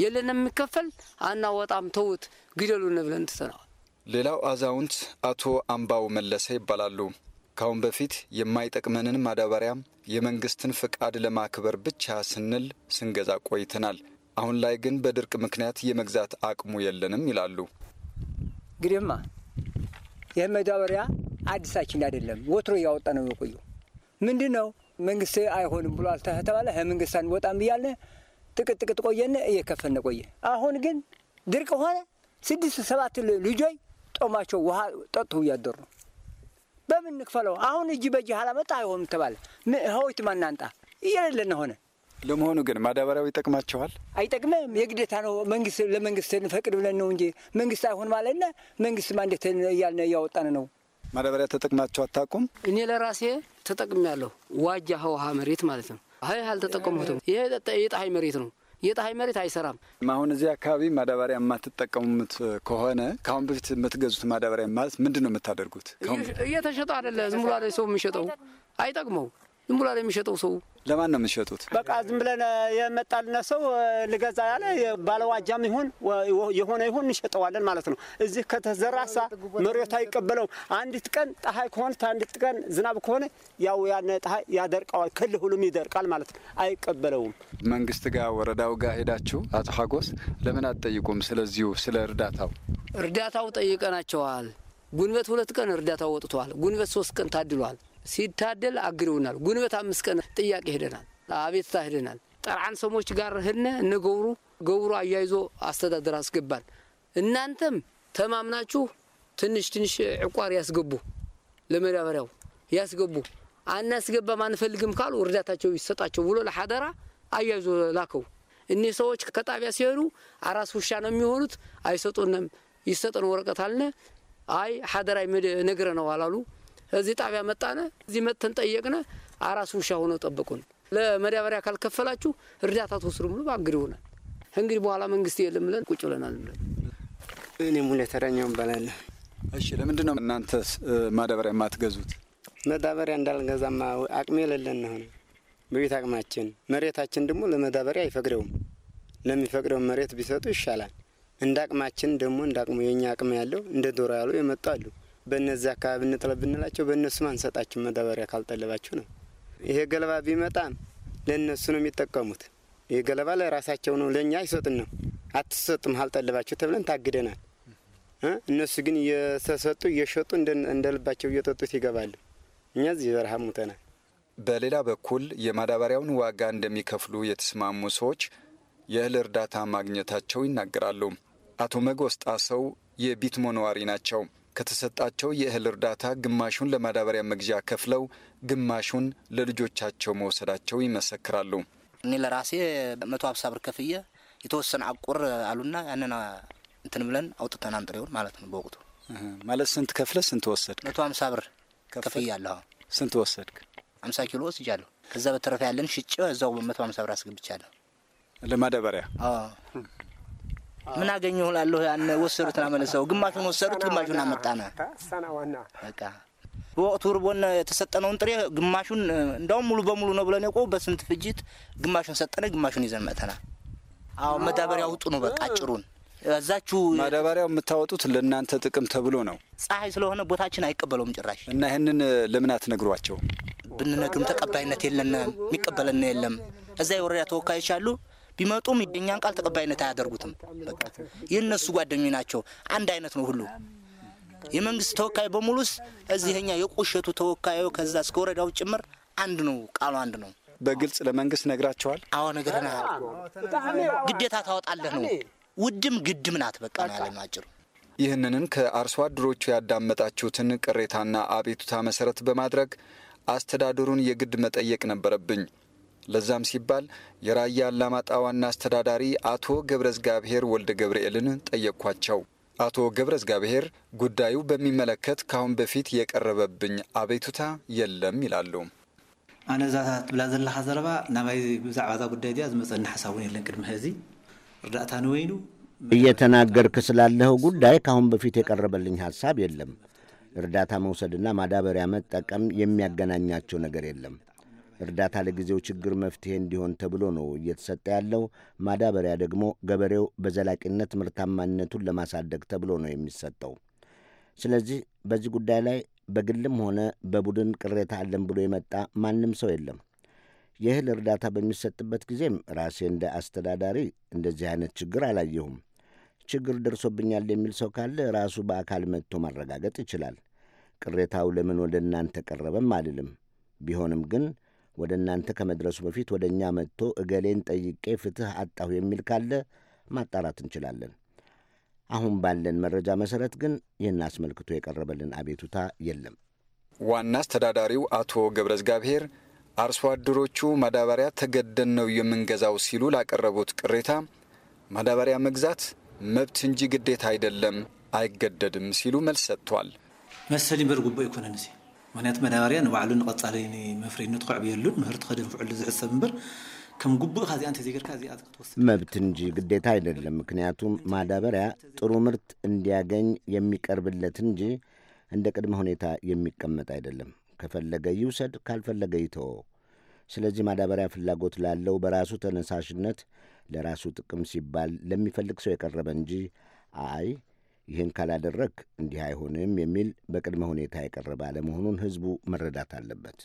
የለን የሚከፈል አናወጣም፣ ተውት ግደሉን ብለን ትተነዋል። ሌላው አዛውንት አቶ አምባው መለሰ ይባላሉ። ካሁን በፊት የማይጠቅመንን ማዳበሪያ የመንግስትን ፍቃድ ለማክበር ብቻ ስንል ስንገዛ ቆይተናል። አሁን ላይ ግን በድርቅ ምክንያት የመግዛት አቅሙ የለንም ይላሉ። እንግዲህማ ይህ መዳበሪያ አዲሳችን አይደለም፣ ወትሮ እያወጣ ነው የቆየው። ምንድን ነው መንግስት አይሆንም ብሎ አልተተባለ መንግስት አንወጣም ብያለ ጥቅጥ ጥቅጥ ቆየን፣ እየከፈነ ቆየ። አሁን ግን ድርቅ ሆነ። ስድስት ሰባት ልጆች ጦማቸው ውሃ ጠጥቶ እያደሩ ነው። በምን ንክፈለው? አሁን እጅ በእጅ አላመጣ አይሆንም ተባለ። ህወይት ማናንጣ እየሌለን ሆነ። ለመሆኑ ግን ማዳበሪያው ይጠቅማቸዋል? አይጠቅምም። የግዴታ ነው መንግስት ለመንግስት እንፈቅድ ብለን ነው እንጂ መንግስት አይሆን ማለትና መንግስት ማንዴት እያልን እያወጣን ነው። ማዳበሪያ ተጠቅማቸው አታውቁም? እኔ ለራሴ ተጠቅሜያለሁ። ዋጃ ህውሃ መሬት ማለት ነው። ይህ አልተጠቀምሁትም። ይሄ የፀሐይ መሬት ነው። የፀሐይ መሬት አይሰራም። አሁን እዚህ አካባቢ ማዳበሪያ የማትጠቀሙት ከሆነ ከአሁን በፊት የምትገዙት ማዳበሪያ ማለት ምንድን ነው የምታደርጉት? እየተሸጠ አደለ? ዝም ብሎ ሰው የሚሸጠው አይጠቅመው ዝም ብሎ የሚሸጠው ሰው ለማን ነው የምትሸጡት? በቃ ዝም ብለን የመጣልነ ሰው ልገዛ ያለ ባለዋጃም ይሁን የሆነ ይሁን እንሸጠዋለን ማለት ነው። እዚህ ከተዘራሳ መሬቱ አይቀበለው። አንዲት ቀን ፀሐይ ከሆነ አንዲት ቀን ዝናብ ከሆነ ያው ያን ጠሀይ ያደርቀዋል፣ ክል ሁሉም ይደርቃል ማለት ነው። አይቀበለውም። መንግስት ጋር ወረዳው ጋር ሄዳችሁ አቶ ሀጎስ ለምን አትጠይቁም? ስለዚሁ ስለ እርዳታው እርዳታው ጠይቀናቸዋል። ጉንበት ሁለት ቀን እርዳታው ወጥቷል። ጉንበት ሶስት ቀን ታድሏል። ሲታደል አግደውናል። ጉንበት አምስት ቀን ጥያቄ ሄደናል፣ አቤትታ ሄደናል። ጠርዓን ሰሞች ጋር ህነ እነ ገብሩ አያይዞ አስተዳደር አስገባል። እናንተም ተማምናችሁ ትንሽ ትንሽ ዕቋር ያስገቡ፣ ለመዳበሪያው ያስገቡ፣ አናስገባም አንፈልግም ካሉ እርዳታቸው ይሰጣቸው ብሎ ለሓደራ አያይዞ ላከው። እኒህ ሰዎች ከጣቢያ ሲሄዱ አራስ ውሻ ነው የሚሆኑት። አይሰጡንም። ይሰጠን ወረቀት አልነ። አይ ሓደራይ ነው አላሉ። እዚህ ጣቢያ መጣነ፣ እዚህ መጥተን ጠየቅነ፣ አራስ ውሻ ሆነው ጠብቁን ለመዳበሪያ ካልከፈላችሁ እርዳታ ትወስዱ ብሎ አግድ ይሆናል። እንግዲህ በኋላ መንግስት የለም ብለን ቁጭ ብለናል ብለን እኔም ሁኔ ተረኛው እሺ ለምንድን ነው እናንተ ማዳበሪያ የማትገዙት? መዳበሪያ እንዳልገዛማ አቅም የሌለን ሆነ በቤት አቅማችን መሬታችን ደግሞ ለመዳበሪያ አይፈቅደውም። ለሚፈቅደው መሬት ቢሰጡ ይሻላል። እንደ አቅማችን ደግሞ እንደ አቅሙ የእኛ አቅም ያለው እንደ ዶሮ ያሉ አሉ። በእነዚህ አካባቢ እንጥለ ብንላቸው በእነሱም አንሰጣችሁም መዳበሪያ ካልጠለባችሁ ነው። ይሄ ገለባ ቢመጣም ለእነሱ ነው የሚጠቀሙት። ይህ ገለባ ለራሳቸው ነው፣ ለእኛ አይሰጥን ነው። አትሰጡም ካልጠለባችሁ ተብለን ታግደናል። እነሱ ግን እየተሰጡ እየሸጡ እንደ ልባቸው እየጠጡት ይገባሉ። እኛ እዚህ በረሃ ሙተናል። በሌላ በኩል የማዳበሪያውን ዋጋ እንደሚከፍሉ የተስማሙ ሰዎች የእህል እርዳታ ማግኘታቸው ይናገራሉ። አቶ መጎስ ጣሰው የቢትሞ ነዋሪ ናቸው። ከተሰጣቸው የእህል እርዳታ ግማሹን ለማዳበሪያ መግዣ ከፍለው ግማሹን ለልጆቻቸው መውሰዳቸው ይመሰክራሉ። እኔ ለራሴ መቶ ሀምሳ ብር ከፍዬ የተወሰነ አቁር አሉና ያንን እንትን ብለን አውጥተን አንጥሬውን ማለት ነው። በወቅቱ ማለት ስንት ከፍለ ስንት ወሰድ? መቶ ሀምሳ ብር ከፍያለሁ። ስንት ወሰድክ? አምሳ ኪሎ ወስጃለሁ። ከዛ በተረፈ ያለን ሽጭ እዛው መቶ ሀምሳ ብር አስገብቻለሁ ለማዳበሪያ ምን አገኘሁ እላለሁ። ያን ወሰዱትና መልሰው ግማሹን ወሰዱት፣ ግማሹን አመጣነ። በቃ በወቅቱ ርቦን የተሰጠነውን ጥሬ ግማሹን እንዳውም ሙሉ በሙሉ ነው ብለን የቆ በስንት ፍጅት ግማሹን ሰጠነ፣ ግማሹን ይዘን መተና። አዎ መዳበሪያ ውጡ ነው በቃ አጭሩን እዛችሁ ማዳበሪያው የምታወጡት ለእናንተ ጥቅም ተብሎ ነው። ፀሐይ ስለሆነ ቦታችን አይቀበለውም ጭራሽ። እና ይህንን ለምን አትነግሯቸው? ብንነግርም ተቀባይነት የለን፣ የሚቀበለን የለም። እዛ የወረዳ ተወካዮች አሉ ቢመጡም የእኛን ቃል ተቀባይነት አያደርጉትም። በቃ የእነሱ ጓደኞች ናቸው። አንድ አይነት ነው ሁሉ የመንግስት ተወካይ በሙሉስ እዚህኛ የቆሸቱ ተወካዩ ከዛ እስከ ወረዳው ጭምር አንድ ነው፣ ቃሉ አንድ ነው። በግልጽ ለመንግስት ነግራቸዋል። አዎ ነግረናል። ግዴታ ታወጣለህ ነው። ውድም ግድም ናት። በቃ ነው ያለ አጭሩ። ይህንንም ከአርሶ አደሮቹ ያዳመጣችሁትን ቅሬታና አቤቱታ መሰረት በማድረግ አስተዳደሩን የግድ መጠየቅ ነበረብኝ። ለዛም ሲባል የራያ አላማጣ ዋና አስተዳዳሪ አቶ ገብረ እግዚአብሔር ወልደ ገብርኤልን ጠየቅኳቸው። አቶ ገብረ እግዚአብሔር ጉዳዩ በሚመለከት ካሁን በፊት የቀረበብኝ አቤቱታ የለም ይላሉ። ኣነ ዘለካ ዘረባ ናባይ ብዛዕባ እዛ ጉዳይ እዚኣ ዝመፀኒ ሓሳብ እውን የለን ቅድሚ ሕዚ እርዳእታ ንወይኑ እየተናገርክ ስላለኸው ጉዳይ ካሁን በፊት የቀረበልኝ ሀሳብ የለም። እርዳታ መውሰድና ማዳበሪያ መጠቀም የሚያገናኛቸው ነገር የለም። እርዳታ ለጊዜው ችግር መፍትሄ እንዲሆን ተብሎ ነው እየተሰጠ ያለው። ማዳበሪያ ደግሞ ገበሬው በዘላቂነት ምርታማነቱን ለማሳደግ ተብሎ ነው የሚሰጠው። ስለዚህ በዚህ ጉዳይ ላይ በግልም ሆነ በቡድን ቅሬታ አለን ብሎ የመጣ ማንም ሰው የለም። የእህል እርዳታ በሚሰጥበት ጊዜም ራሴ እንደ አስተዳዳሪ እንደዚህ አይነት ችግር አላየሁም። ችግር ደርሶብኛል የሚል ሰው ካለ ራሱ በአካል መጥቶ ማረጋገጥ ይችላል። ቅሬታው ለምን ወደ እናንተ ቀረበም አልልም። ቢሆንም ግን ወደ እናንተ ከመድረሱ በፊት ወደ እኛ መጥቶ እገሌን ጠይቄ ፍትሕ አጣሁ የሚል ካለ ማጣራት እንችላለን። አሁን ባለን መረጃ መሰረት ግን ይህን አስመልክቶ የቀረበልን አቤቱታ የለም። ዋና አስተዳዳሪው አቶ ገብረ እግዚአብሔር አርሶ አደሮቹ ማዳበሪያ ተገደን ነው የምንገዛው ሲሉ ላቀረቡት ቅሬታ ማዳበሪያ መግዛት መብት እንጂ ግዴታ አይደለም፣ አይገደድም ሲሉ መልስ ሰጥቷል። መሰሊ በርጉቦ ምክንያቱ መዳበርያ ንባዕሉ ንቀፃለ መፍሬነት ክዕብየሉን የሉን ምህርቲ ከደንፍዕሉ ዝሕሰብ እምበር ከም ጉቡእ ካዚኣ እንተዘይገርካ እዚኣ ክትወስድ መብት እንጂ ግዴታ አይደለም። ምክንያቱም ማዳበርያ ጥሩ ምርት እንዲያገኝ የሚቀርብለት እንጂ እንደ ቅድመ ሁኔታ የሚቀመጥ አይደለም። ከፈለገ ይውሰድ፣ ካልፈለገ ይተወ። ስለዚህ ማዳበሪያ ፍላጎት ላለው በራሱ ተነሳሽነት ለራሱ ጥቅም ሲባል ለሚፈልግ ሰው የቀረበ እንጂ አይ ይህን ካላደረግ እንዲህ አይሆንም የሚል በቅድመ ሁኔታ የቀረበ አለመሆኑን ህዝቡ መረዳት አለበት።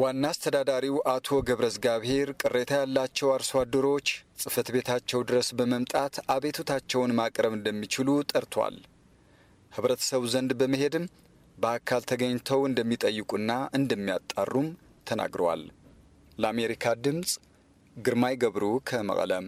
ዋና አስተዳዳሪው አቶ ገብረ እግዚአብሔር ቅሬታ ያላቸው አርሶ አደሮች ጽህፈት ቤታቸው ድረስ በመምጣት አቤቱታቸውን ማቅረብ እንደሚችሉ ጠርቷል። ህብረተሰቡ ዘንድ በመሄድም በአካል ተገኝተው እንደሚጠይቁና እንደሚያጣሩም ተናግረዋል። ለአሜሪካ ድምፅ ግርማይ ገብሩ ከመቀለም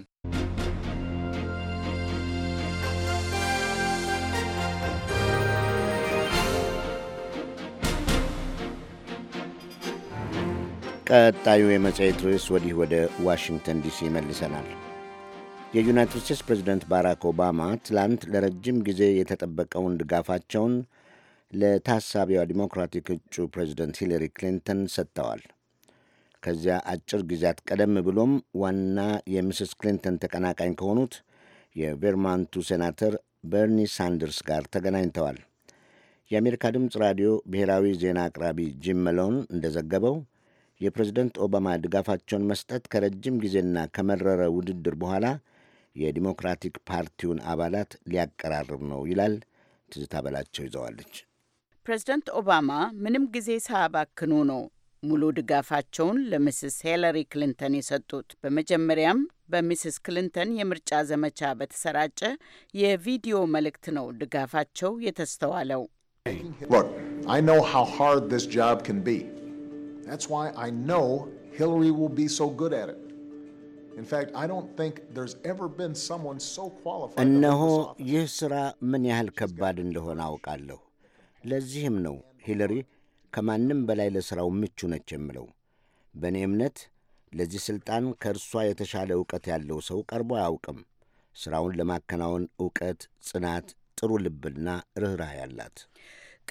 ቀጣዩ የመጽሔት ርዕስ ወዲህ ወደ ዋሽንግተን ዲሲ ይመልሰናል። የዩናይትድ ስቴትስ ፕሬዚደንት ባራክ ኦባማ ትላንት ለረጅም ጊዜ የተጠበቀውን ድጋፋቸውን ለታሳቢዋ ዲሞክራቲክ እጩ ፕሬዚደንት ሂለሪ ክሊንተን ሰጥተዋል። ከዚያ አጭር ጊዜያት ቀደም ብሎም ዋና የሚስስ ክሊንተን ተቀናቃኝ ከሆኑት የቬርማንቱ ሴናተር በርኒ ሳንደርስ ጋር ተገናኝተዋል። የአሜሪካ ድምፅ ራዲዮ ብሔራዊ ዜና አቅራቢ ጂም መሎን እንደዘገበው የፕሬዝደንት ኦባማ ድጋፋቸውን መስጠት ከረጅም ጊዜና ከመረረ ውድድር በኋላ የዲሞክራቲክ ፓርቲውን አባላት ሊያቀራርብ ነው ይላል። ትዝታ በላቸው ይዘዋለች። ፕሬዝደንት ኦባማ ምንም ጊዜ ሳያባክኑ ነው ሙሉ ድጋፋቸውን ለሚስስ ሂለሪ ክሊንተን የሰጡት። በመጀመሪያም በሚስስ ክሊንተን የምርጫ ዘመቻ በተሰራጨ የቪዲዮ መልእክት ነው ድጋፋቸው የተስተዋለው። That's why I know Hillary will be so good at it. In fact, I don't think there's ever been someone so qualified. እነሆ ይህ ሥራ ምን ያህል ከባድ እንደሆነ አውቃለሁ። ለዚህም ነው ሂለሪ ከማንም በላይ ለሥራው ምቹ ነች የምለው። በእኔ እምነት ለዚህ ሥልጣን ከእርሷ የተሻለ ዕውቀት ያለው ሰው ቀርቦ አያውቅም። ሥራውን ለማከናወን ዕውቀት፣ ጽናት፣ ጥሩ ልብና ርኅራህ ያላት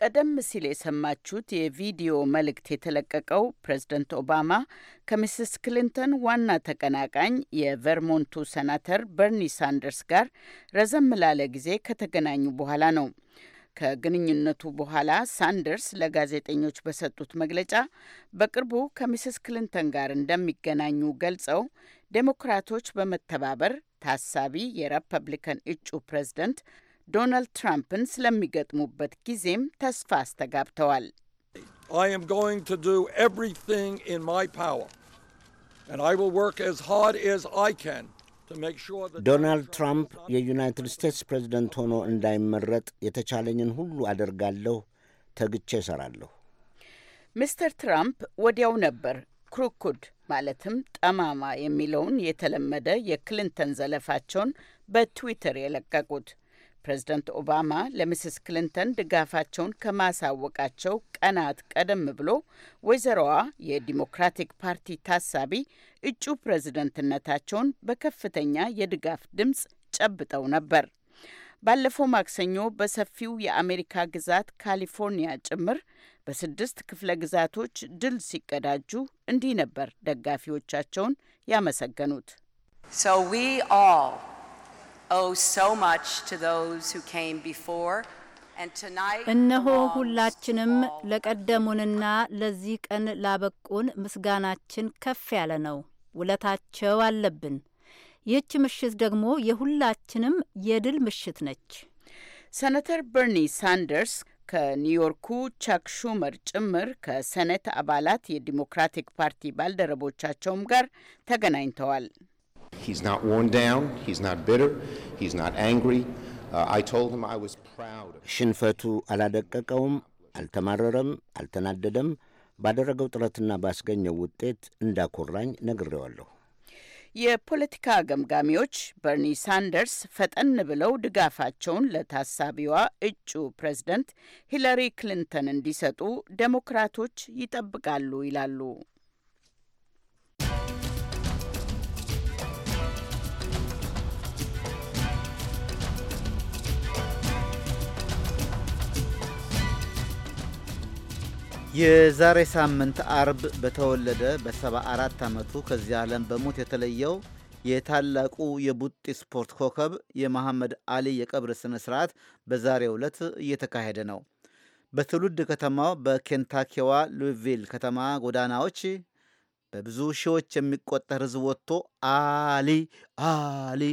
ቀደም ሲል የሰማችሁት የቪዲዮ መልእክት የተለቀቀው ፕሬዝደንት ኦባማ ከሚስስ ክሊንተን ዋና ተቀናቃኝ የቨርሞንቱ ሰናተር በርኒ ሳንደርስ ጋር ረዘም ላለ ጊዜ ከተገናኙ በኋላ ነው። ከግንኙነቱ በኋላ ሳንደርስ ለጋዜጠኞች በሰጡት መግለጫ በቅርቡ ከሚስስ ክሊንተን ጋር እንደሚገናኙ ገልጸው ዴሞክራቶች በመተባበር ታሳቢ የሪፐብሊካን እጩ ፕሬዝደንት ዶናልድ ትራምፕን ስለሚገጥሙበት ጊዜም ተስፋ አስተጋብተዋል። ዶናልድ ትራምፕ የዩናይትድ ስቴትስ ፕሬዝደንት ሆኖ እንዳይመረጥ የተቻለኝን ሁሉ አደርጋለሁ፣ ተግቼ እሰራለሁ። ሚስተር ትራምፕ ወዲያው ነበር ክሩኩድ ማለትም ጠማማ የሚለውን የተለመደ የክሊንተን ዘለፋቸውን በትዊተር የለቀቁት። ፕሬዝደንት ኦባማ ለሚስስ ክሊንተን ድጋፋቸውን ከማሳወቃቸው ቀናት ቀደም ብሎ ወይዘሮዋ የዲሞክራቲክ ፓርቲ ታሳቢ እጩ ፕሬዝደንትነታቸውን በከፍተኛ የድጋፍ ድምፅ ጨብጠው ነበር። ባለፈው ማክሰኞ በሰፊው የአሜሪካ ግዛት ካሊፎርኒያ ጭምር በስድስት ክፍለ ግዛቶች ድል ሲቀዳጁ እንዲህ ነበር ደጋፊዎቻቸውን ያመሰገኑት። እነሆ ሁላችንም ለቀደሙንና ለዚህ ቀን ላበቁን ምስጋናችን ከፍ ያለ ነው። ውለታቸው አለብን። ይህች ምሽት ደግሞ የሁላችንም የድል ምሽት ነች። ሰነተር በርኒ ሳንደርስ ከኒውዮርኩ ቻክ ሹመር ጭምር ከሰኔት አባላት የዲሞክራቲክ ፓርቲ ባልደረቦቻቸውም ጋር ተገናኝተዋል። He's not worn down. He's not bitter. He's not angry. Uh, I told him I was proud. ሽንፈቱ አላደቀቀውም፣ አልተማረረም፣ አልተናደደም። ባደረገው ጥረትና ባስገኘው ውጤት እንዳኮራኝ ነግሬዋለሁ። የፖለቲካ ገምጋሚዎች በርኒ ሳንደርስ ፈጠን ብለው ድጋፋቸውን ለታሳቢዋ እጩ ፕሬዝደንት ሂለሪ ክሊንተን እንዲሰጡ ዴሞክራቶች ይጠብቃሉ ይላሉ። የዛሬ ሳምንት አርብ በተወለደ በ74 ዓመቱ ከዚህ ዓለም በሞት የተለየው የታላቁ የቡጢ ስፖርት ኮከብ የመሐመድ አሊ የቀብር ስነ ስርዓት በዛሬ ዕለት እየተካሄደ ነው። በትውልድ ከተማው በኬንታኪዋ ሉዊቪል ከተማ ጎዳናዎች በብዙ ሺዎች የሚቆጠር ሕዝብ ወጥቶ አሊ አሊ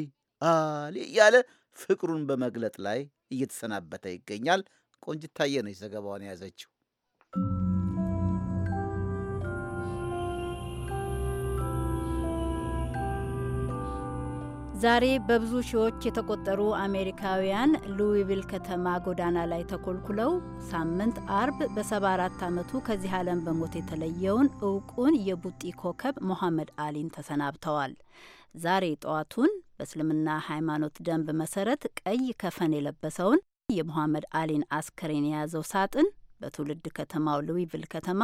አሊ እያለ ፍቅሩን በመግለጥ ላይ እየተሰናበተ ይገኛል። ቆንጅታየ ነች ዘገባውን የያዘችው። ዛሬ በብዙ ሺዎች የተቆጠሩ አሜሪካውያን ሉዊቪል ከተማ ጎዳና ላይ ተኮልኩለው ሳምንት አርብ በ74 ዓመቱ ከዚህ ዓለም በሞት የተለየውን እውቁን የቡጢ ኮከብ ሞሐመድ አሊን ተሰናብተዋል። ዛሬ ጠዋቱን በእስልምና ሃይማኖት ደንብ መሰረት ቀይ ከፈን የለበሰውን የሞሐመድ አሊን አስከሬን የያዘው ሳጥን በትውልድ ከተማው ሉዊቪል ከተማ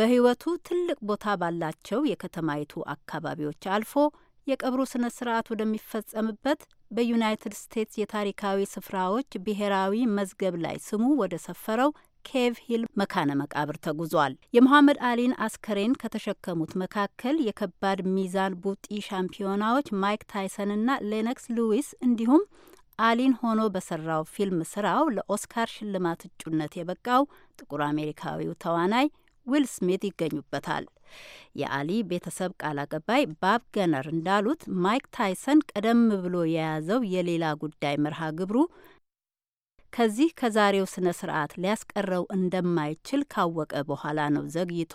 በሕይወቱ ትልቅ ቦታ ባላቸው የከተማይቱ አካባቢዎች አልፎ የቀብሩ ስነ ስርዓት ወደሚፈጸምበት በዩናይትድ ስቴትስ የታሪካዊ ስፍራዎች ብሔራዊ መዝገብ ላይ ስሙ ወደ ሰፈረው ኬቭ ሂል መካነ መቃብር ተጉዟል። የመሐመድ አሊን አስከሬን ከተሸከሙት መካከል የከባድ ሚዛን ቡጢ ሻምፒዮናዎች ማይክ ታይሰንና ሌነክስ ሉዊስ እንዲሁም አሊን ሆኖ በሰራው ፊልም ስራው ለኦስካር ሽልማት እጩነት የበቃው ጥቁር አሜሪካዊው ተዋናይ ዊል ስሚት ይገኙበታል። የአሊ ቤተሰብ ቃል አቀባይ ባብ ገነር እንዳሉት ማይክ ታይሰን ቀደም ብሎ የያዘው የሌላ ጉዳይ መርሃ ግብሩ ከዚህ ከዛሬው ስነ ስርዓት ሊያስቀረው እንደማይችል ካወቀ በኋላ ነው ዘግይቶ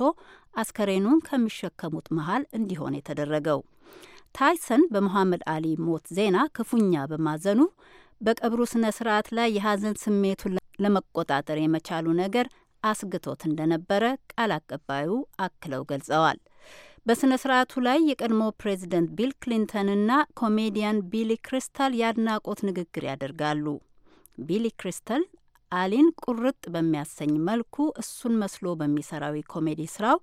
አስከሬኑን ከሚሸከሙት መሀል እንዲሆን የተደረገው። ታይሰን በመሐመድ አሊ ሞት ዜና ክፉኛ በማዘኑ በቀብሩ ስነ ስርዓት ላይ የሀዘን ስሜቱን ለመቆጣጠር የመቻሉ ነገር አስግቶት እንደነበረ ቃል አቀባዩ አክለው ገልጸዋል። በሥነ በስነ-ሥርዓቱ ላይ የቀድሞ ፕሬዚደንት ቢል ክሊንተንና ኮሜዲያን ቢሊ ክሪስታል የአድናቆት ንግግር ያደርጋሉ። ቢሊ ክሪስታል አሊን ቁርጥ በሚያሰኝ መልኩ እሱን መስሎ በሚሰራው የኮሜዲ ስራው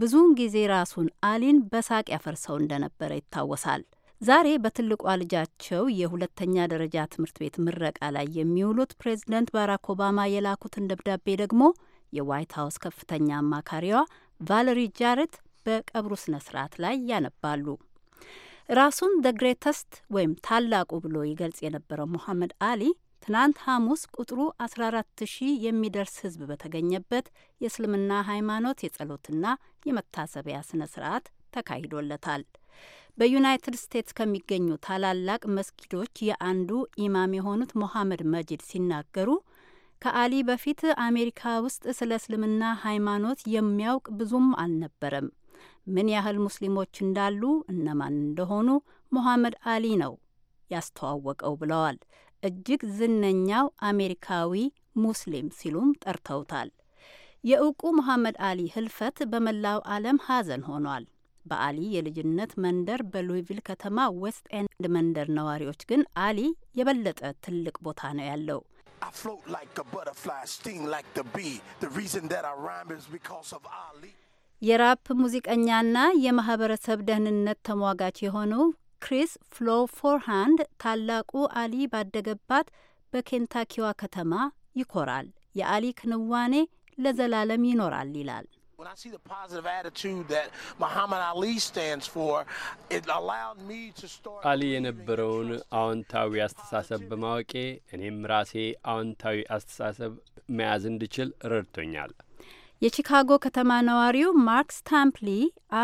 ብዙውን ጊዜ ራሱን አሊን በሳቅ ያፈርሰው እንደነበረ ይታወሳል። ዛሬ በትልቋ ልጃቸው የሁለተኛ ደረጃ ትምህርት ቤት ምረቃ ላይ የሚውሉት ፕሬዚደንት ባራክ ኦባማ የላኩትን ደብዳቤ ደግሞ የዋይት ሀውስ ከፍተኛ አማካሪዋ ቫለሪ ጃረት በቀብሩ ስነ ስርዓት ላይ ያነባሉ። ራሱን ደ ግሬተስት ወይም ታላቁ ብሎ ይገልጽ የነበረው ሞሐመድ አሊ ትናንት ሐሙስ ቁጥሩ 14 ሺህ የሚደርስ ህዝብ በተገኘበት የእስልምና ሃይማኖት የጸሎትና የመታሰቢያ ስነ ስርዓት ተካሂዶለታል። በዩናይትድ ስቴትስ ከሚገኙ ታላላቅ መስጊዶች የአንዱ ኢማም የሆኑት ሞሐመድ መጂድ ሲናገሩ ከአሊ በፊት አሜሪካ ውስጥ ስለ እስልምና ሃይማኖት የሚያውቅ ብዙም አልነበረም። ምን ያህል ሙስሊሞች እንዳሉ እነማን እንደሆኑ ሞሐመድ አሊ ነው ያስተዋወቀው ብለዋል። እጅግ ዝነኛው አሜሪካዊ ሙስሊም ሲሉም ጠርተውታል። የእውቁ መሐመድ አሊ ህልፈት በመላው ዓለም ሐዘን ሆኗል። በአሊ የልጅነት መንደር በሉዊቪል ከተማ ዌስት ኤንድ መንደር ነዋሪዎች ግን አሊ የበለጠ ትልቅ ቦታ ነው ያለው። I float like a butterfly, sting like the bee. The reason that I rhyme is because of Ali. የራፕ ሙዚቀኛና የማህበረሰብ ደህንነት ተሟጋች የሆነው ክሪስ ፍሎ ፎርሃንድ ታላቁ አሊ ባደገባት በኬንታኪዋ ከተማ ይኮራል። የአሊ ክንዋኔ ለዘላለም ይኖራል ይላል። When I see the positive attitude that Muhammad Ali stands for, it allowed me to start አሊ የነበረውን አዎንታዊ አስተሳሰብ በማወቄ እኔም ራሴ አዎንታዊ አስተሳሰብ መያዝ እንድችል ረድቶኛል። የቺካጎ ከተማ ነዋሪው ማርክ ስታምፕሊ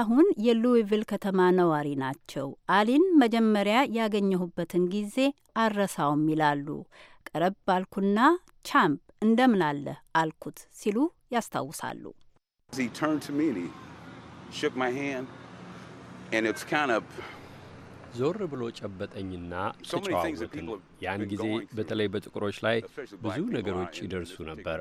አሁን የሉዊቪል ከተማ ነዋሪ ናቸው። አሊን መጀመሪያ ያገኘሁበትን ጊዜ አረሳውም ይላሉ። ቀረብ ባልኩና ቻምፕ እንደምን አለህ አልኩት ሲሉ ያስታውሳሉ። He turned to me and he shook my hand and it's kind of ዞር ብሎ ጨበጠኝና ተጨዋወትን። ያን ጊዜ በተለይ በጥቁሮች ላይ ብዙ ነገሮች ይደርሱ ነበር።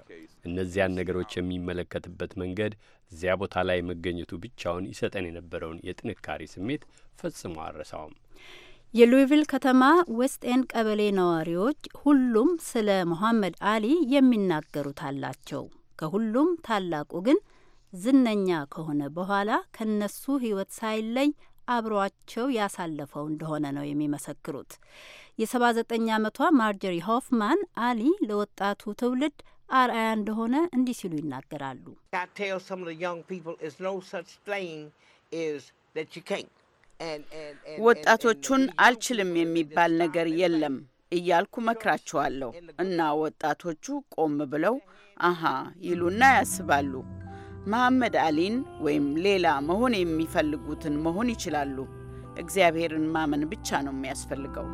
እነዚያን ነገሮች የሚመለከትበት መንገድ እዚያ ቦታ ላይ መገኘቱ ብቻውን ይሰጠን የነበረውን የጥንካሬ ስሜት ፈጽሞ አረሳውም። የሉዊቪል ከተማ ዌስት ኤንድ ቀበሌ ነዋሪዎች ሁሉም ስለ ሞሐመድ አሊ የሚናገሩት አላቸው። ከሁሉም ታላቁ ግን ዝነኛ ከሆነ በኋላ ከነሱ ህይወት ሳይለይ አብሯቸው ያሳለፈው እንደሆነ ነው የሚመሰክሩት። የ79 ዓመቷ ማርጀሪ ሆፍማን አሊ ለወጣቱ ትውልድ አርአያ እንደሆነ እንዲህ ሲሉ ይናገራሉ። ወጣቶቹን አልችልም የሚባል ነገር የለም እያልኩ መክራቸዋለሁ እና ወጣቶቹ ቆም ብለው አሃ ይሉና ያስባሉ። መሐመድ አሊን ወይም ሌላ መሆን የሚፈልጉትን መሆን ይችላሉ። እግዚአብሔርን ማመን ብቻ ነው የሚያስፈልገው።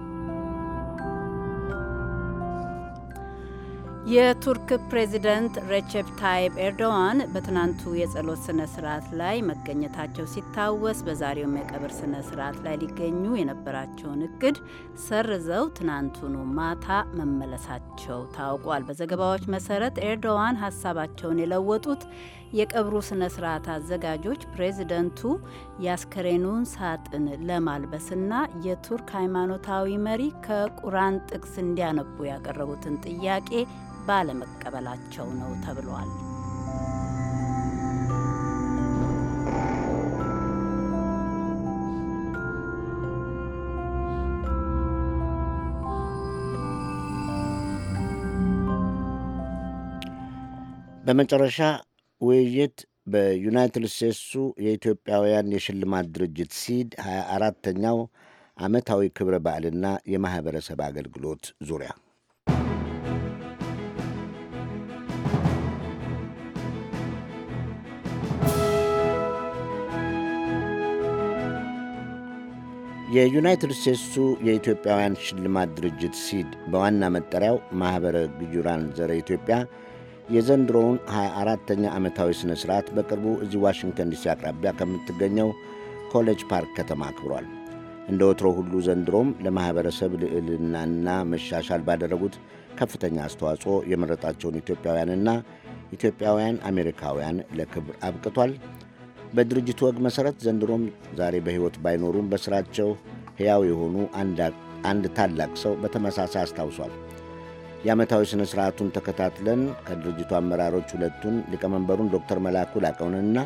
የቱርክ ፕሬዚደንት ሬቼፕ ታይብ ኤርዶዋን በትናንቱ የጸሎት ስነ ስርዓት ላይ መገኘታቸው ሲታወስ በዛሬውም የቀብር ስነ ስርዓት ላይ ሊገኙ የነበራቸውን እቅድ ሰርዘው ትናንቱኑ ማታ መመለሳቸው ታውቋል። በዘገባዎች መሰረት ኤርዶዋን ሀሳባቸውን የለወጡት የቀብሩ ስነ ስርዓት አዘጋጆች ፕሬዚደንቱ የአስከሬኑን ሳጥን ለማልበስና የቱርክ ሃይማኖታዊ መሪ ከቁራን ጥቅስ እንዲያነቡ ያቀረቡትን ጥያቄ ባለመቀበላቸው ነው ተብሏል። በመጨረሻ ውይይት በዩናይትድ ስቴትሱ የኢትዮጵያውያን የሽልማት ድርጅት ሲድ 24ተኛው ዓመታዊ ክብረ በዓልና የማኅበረሰብ አገልግሎት ዙሪያ የዩናይትድ ስቴትሱ የኢትዮጵያውያን ሽልማት ድርጅት ሲድ በዋና መጠሪያው ማኅበረ ግዩራን ዘረ ኢትዮጵያ የዘንድሮውን 24ተኛ ዓመታዊ ሥነ ሥርዓት በቅርቡ እዚህ ዋሽንግተን ዲሲ አቅራቢያ ከምትገኘው ኮሌጅ ፓርክ ከተማ አክብሯል። እንደ ወትሮ ሁሉ ዘንድሮም ለማኅበረሰብ ልዕልናና መሻሻል ባደረጉት ከፍተኛ አስተዋጽኦ የመረጣቸውን ኢትዮጵያውያንና ኢትዮጵያውያን አሜሪካውያን ለክብር አብቅቷል። በድርጅቱ ወግ መሠረት ዘንድሮም ዛሬ በሕይወት ባይኖሩም በሥራቸው ሕያው የሆኑ አንድ ታላቅ ሰው በተመሳሳይ አስታውሷል። የዓመታዊ ሥነ ሥርዓቱን ተከታትለን ከድርጅቱ አመራሮች ሁለቱን ሊቀመንበሩን ዶክተር መላኩ ላቀውንና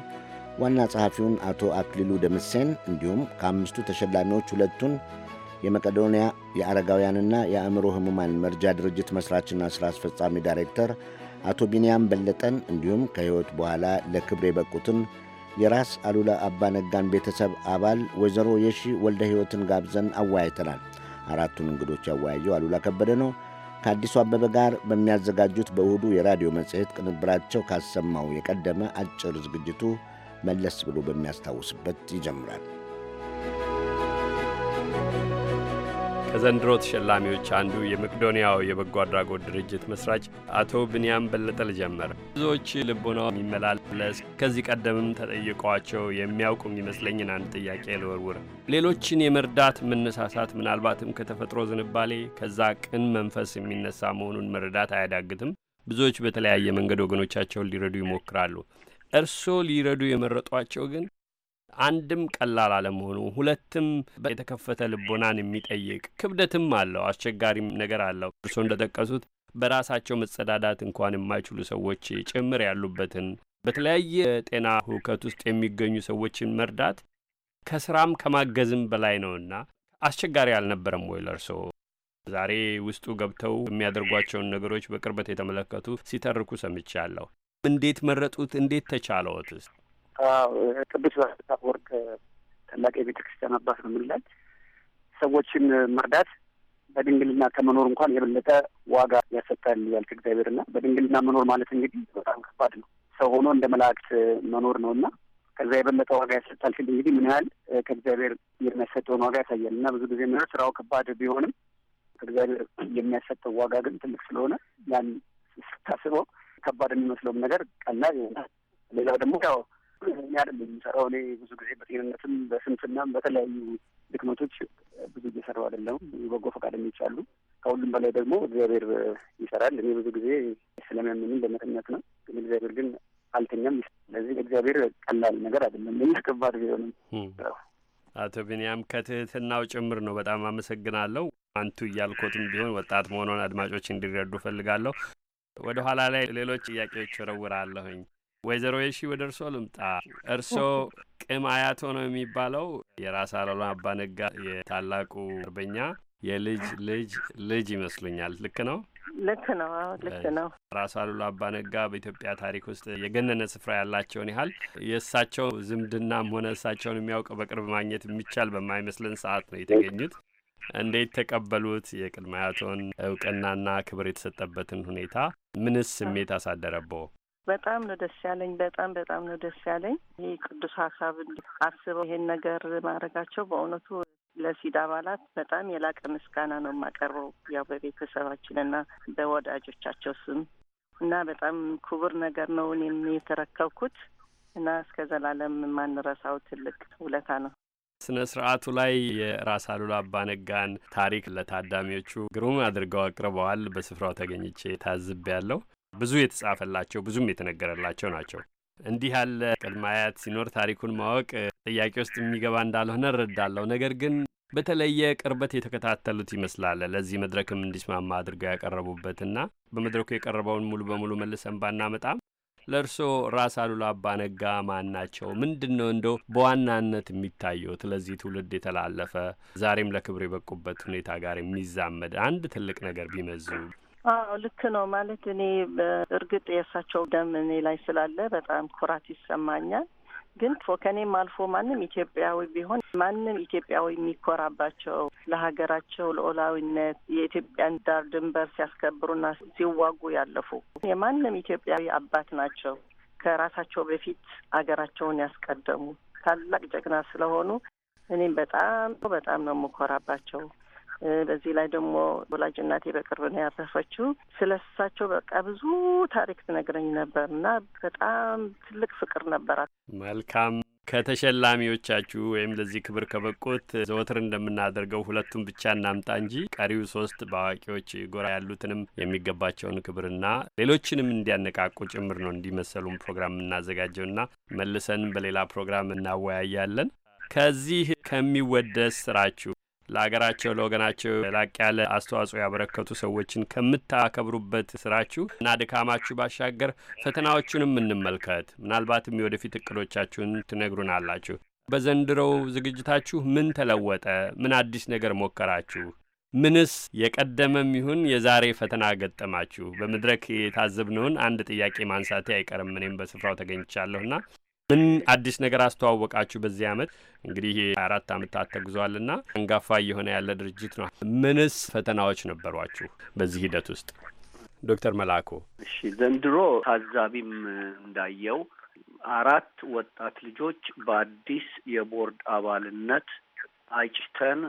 ዋና ጸሐፊውን አቶ አክሊሉ ደምሴን እንዲሁም ከአምስቱ ተሸላሚዎች ሁለቱን የመቄዶንያ የአረጋውያንና የአእምሮ ሕሙማን መርጃ ድርጅት መሥራችና ሥራ አስፈጻሚ ዳይሬክተር አቶ ቢንያም በለጠን እንዲሁም ከሕይወት በኋላ ለክብር የበቁትን የራስ አሉላ አባነጋን ቤተሰብ አባል ወይዘሮ የሺ ወልደ ሕይወትን ጋብዘን አወያይተናል። አራቱን እንግዶች ያወያየው አሉላ ከበደ ነው። ከአዲሱ አበበ ጋር በሚያዘጋጁት በእሁዱ የራዲዮ መጽሔት ቅንብራቸው ካሰማው የቀደመ አጭር ዝግጅቱ መለስ ብሎ በሚያስታውስበት ይጀምራል። ከዘንድሮ ተሸላሚዎች አንዱ የመቅዶኒያው የበጎ አድራጎት ድርጅት መስራች አቶ ብንያም በለጠ ልጀመር። ብዙዎች ልቦናው የሚመላለስ ከዚህ ቀደምም ተጠይቀዋቸው የሚያውቁ የሚመስለኝን አንድ ጥያቄ ልወርውር። ሌሎችን የመርዳት መነሳሳት ምናልባትም ከተፈጥሮ ዝንባሌ ከዛ ቅን መንፈስ የሚነሳ መሆኑን መረዳት አያዳግትም። ብዙዎች በተለያየ መንገድ ወገኖቻቸውን ሊረዱ ይሞክራሉ። እርስዎ ሊረዱ የመረጧቸው ግን አንድም ቀላል አለመሆኑ፣ ሁለትም የተከፈተ ልቦናን የሚጠይቅ ክብደትም አለው። አስቸጋሪም ነገር አለው። እርስዎ እንደጠቀሱት በራሳቸው መጸዳዳት እንኳን የማይችሉ ሰዎች ጭምር ያሉበትን በተለያየ ጤና ሁከት ውስጥ የሚገኙ ሰዎችን መርዳት ከስራም ከማገዝም በላይ ነውና አስቸጋሪ አልነበረም ወይ ለእርስዎ? ዛሬ ውስጡ ገብተው የሚያደርጓቸውን ነገሮች በቅርበት የተመለከቱ ሲተርኩ ሰምቻለሁ። እንዴት መረጡት? እንዴት ተቻለዎት? ቅዱስ ዮሐንስ ወርቅ ታላቅ የቤተ ክርስቲያን አባት ነው የምንላል። ሰዎችን መርዳት በድንግልና ከመኖር እንኳን የበለጠ ዋጋ ያሰጣል ያልክ እግዚአብሔር እግዚአብሔርና በድንግልና መኖር ማለት እንግዲህ በጣም ከባድ ነው። ሰው ሆኖ እንደ መላእክት መኖር ነው እና ከዛ የበለጠ ዋጋ ያሰጣል ሲል እንግዲህ ምን ያህል ከእግዚአብሔር የሚያሰጠውን ዋጋ ያሳያል እና ብዙ ጊዜ ምኖር ስራው ከባድ ቢሆንም ከእግዚአብሔር የሚያሰጠው ዋጋ ግን ትልቅ ስለሆነ ያን ስታስበው ከባድ የሚመስለውም ነገር ቀላል ይሆናል። ሌላው ደግሞ ያው እኛ አይደለም የሚሰራው። እኔ ብዙ ጊዜ በጤንነትም በስንፍናም በተለያዩ ድክመቶች ብዙ እየሰራው አይደለም። በጎ ፈቃድ የሚቻሉ ከሁሉም በላይ ደግሞ እግዚአብሔር ይሰራል። እኔ ብዙ ጊዜ ስለሚያምንም በመተኛት ነው። ግን እግዚአብሔር ግን አልተኛም። ስለዚህ እግዚአብሔር ቀላል ነገር አይደለም እና ከባድ ቢሆንም አቶ ቢንያም ከትህትናው ጭምር ነው። በጣም አመሰግናለሁ። አንቱ እያልኮትም ቢሆን ወጣት መሆኗን አድማጮች እንዲረዱ ፈልጋለሁ። ወደ ኋላ ላይ ሌሎች ጥያቄዎች እወረውራለሁኝ። ወይዘሮ የሺ ወደ እርሶ ልምጣ። እርሶ ቅም አያቶ ነው የሚባለው የራስ አሉላ አባነጋ የታላቁ አርበኛ የልጅ ልጅ ልጅ ይመስሉኛል። ልክ ነው? ልክ ነው። ልክ ነው። ራስ አሉላ አባነጋ በኢትዮጵያ ታሪክ ውስጥ የገነነ ስፍራ ያላቸውን ያህል የእሳቸው ዝምድናም ሆነ እሳቸውን የሚያውቅ በቅርብ ማግኘት የሚቻል በማይመስለን ሰዓት ነው የተገኙት። እንዴት ተቀበሉት? የቅድመ አያቶን እውቅናና ክብር የተሰጠበትን ሁኔታ ምንስ ስሜት አሳደረበው? በጣም ነው ደስ ያለኝ። በጣም በጣም ነው ደስ ያለኝ። ይህ ቅዱስ ሀሳብ አስበው ይሄን ነገር ማድረጋቸው በእውነቱ ለሲድ አባላት በጣም የላቀ ምስጋና ነው የማቀርበው ያው በቤተሰባችንና በወዳጆቻቸው ስም እና በጣም ክቡር ነገር ነው እኔም የተረከብኩት እና እስከ ዘላለም የማንረሳው ትልቅ ውለታ ነው። ስነ ስርዓቱ ላይ የራስ አሉላ አባነጋን ታሪክ ለታዳሚዎቹ ግሩም አድርገው አቅርበዋል። በስፍራው ተገኝቼ ታዝቤያለሁ። ብዙ የተጻፈላቸው ብዙም የተነገረላቸው ናቸው። እንዲህ ያለ ቅድመ አያት ሲኖር ታሪኩን ማወቅ ጥያቄ ውስጥ የሚገባ እንዳልሆነ እረዳለሁ። ነገር ግን በተለየ ቅርበት የተከታተሉት ይመስላል ለዚህ መድረክም እንዲስማማ አድርገው ያቀረቡበትና በመድረኩ የቀረበውን ሙሉ በሙሉ መልሰን ባናመጣም ለእርስዎ ራስ አሉላ አባነጋ ማን ናቸው? ምንድን ነው እንደው በዋናነት የሚታየው ለዚህ ትውልድ የተላለፈ ዛሬም ለክብር የበቁበት ሁኔታ ጋር የሚዛመድ አንድ ትልቅ ነገር ቢመዝኑ አዎ ልክ ነው። ማለት እኔ እርግጥ የእሳቸው ደም እኔ ላይ ስላለ በጣም ኩራት ይሰማኛል። ግን ከኔም አልፎ ማንም ኢትዮጵያዊ ቢሆን ማንም ኢትዮጵያዊ የሚኮራባቸው ለሀገራቸው ለኦላዊነት የኢትዮጵያን ዳር ድንበር ሲያስከብሩና ሲዋጉ ያለፉ የማንም ኢትዮጵያዊ አባት ናቸው። ከራሳቸው በፊት አገራቸውን ያስቀደሙ ታላቅ ጀግና ስለሆኑ እኔም በጣም በጣም ነው የምኮራባቸው። በዚህ ላይ ደግሞ ወላጅ እናቴ በቅርብ ነው ያረፈችው። ስለ እሳቸው በቃ ብዙ ታሪክ ትነግረኝ ነበር እና በጣም ትልቅ ፍቅር ነበራት። መልካም ከተሸላሚዎቻችሁ ወይም ለዚህ ክብር ከበቁት ዘወትር እንደምናደርገው ሁለቱን ብቻ እናምጣ እንጂ ቀሪው ሶስት በአዋቂዎች ጎራ ያሉትንም የሚገባቸውን ክብርና ሌሎችንም እንዲያነቃቁ ጭምር ነው እንዲመሰሉም ፕሮግራም ና መልሰን በሌላ ፕሮግራም እናወያያለን። ከዚህ ከሚወደስ ስራችሁ ለሀገራቸው ለወገናቸው ላቅ ያለ አስተዋጽኦ ያበረከቱ ሰዎችን ከምታከብሩበት ስራችሁ እና ድካማችሁ ባሻገር ፈተናዎቹንም እንመልከት። ምናልባትም የወደፊት እቅዶቻችሁን ትነግሩናላችሁ። በዘንድሮው ዝግጅታችሁ ምን ተለወጠ? ምን አዲስ ነገር ሞከራችሁ? ምንስ የቀደመም ይሁን የዛሬ ፈተና ገጠማችሁ? በመድረክ የታዘብነውን አንድ ጥያቄ ማንሳቴ አይቀርም። እኔም በስፍራው ተገኝቻለሁና ምን አዲስ ነገር አስተዋወቃችሁ በዚህ አመት? እንግዲህ አራት አመታት ተጉዟልና አንጋፋ እየሆነ ያለ ድርጅት ነው። ምንስ ፈተናዎች ነበሯችሁ በዚህ ሂደት ውስጥ? ዶክተር መላኩ እሺ፣ ዘንድሮ ታዛቢም እንዳየው አራት ወጣት ልጆች በአዲስ የቦርድ አባልነት አጭተን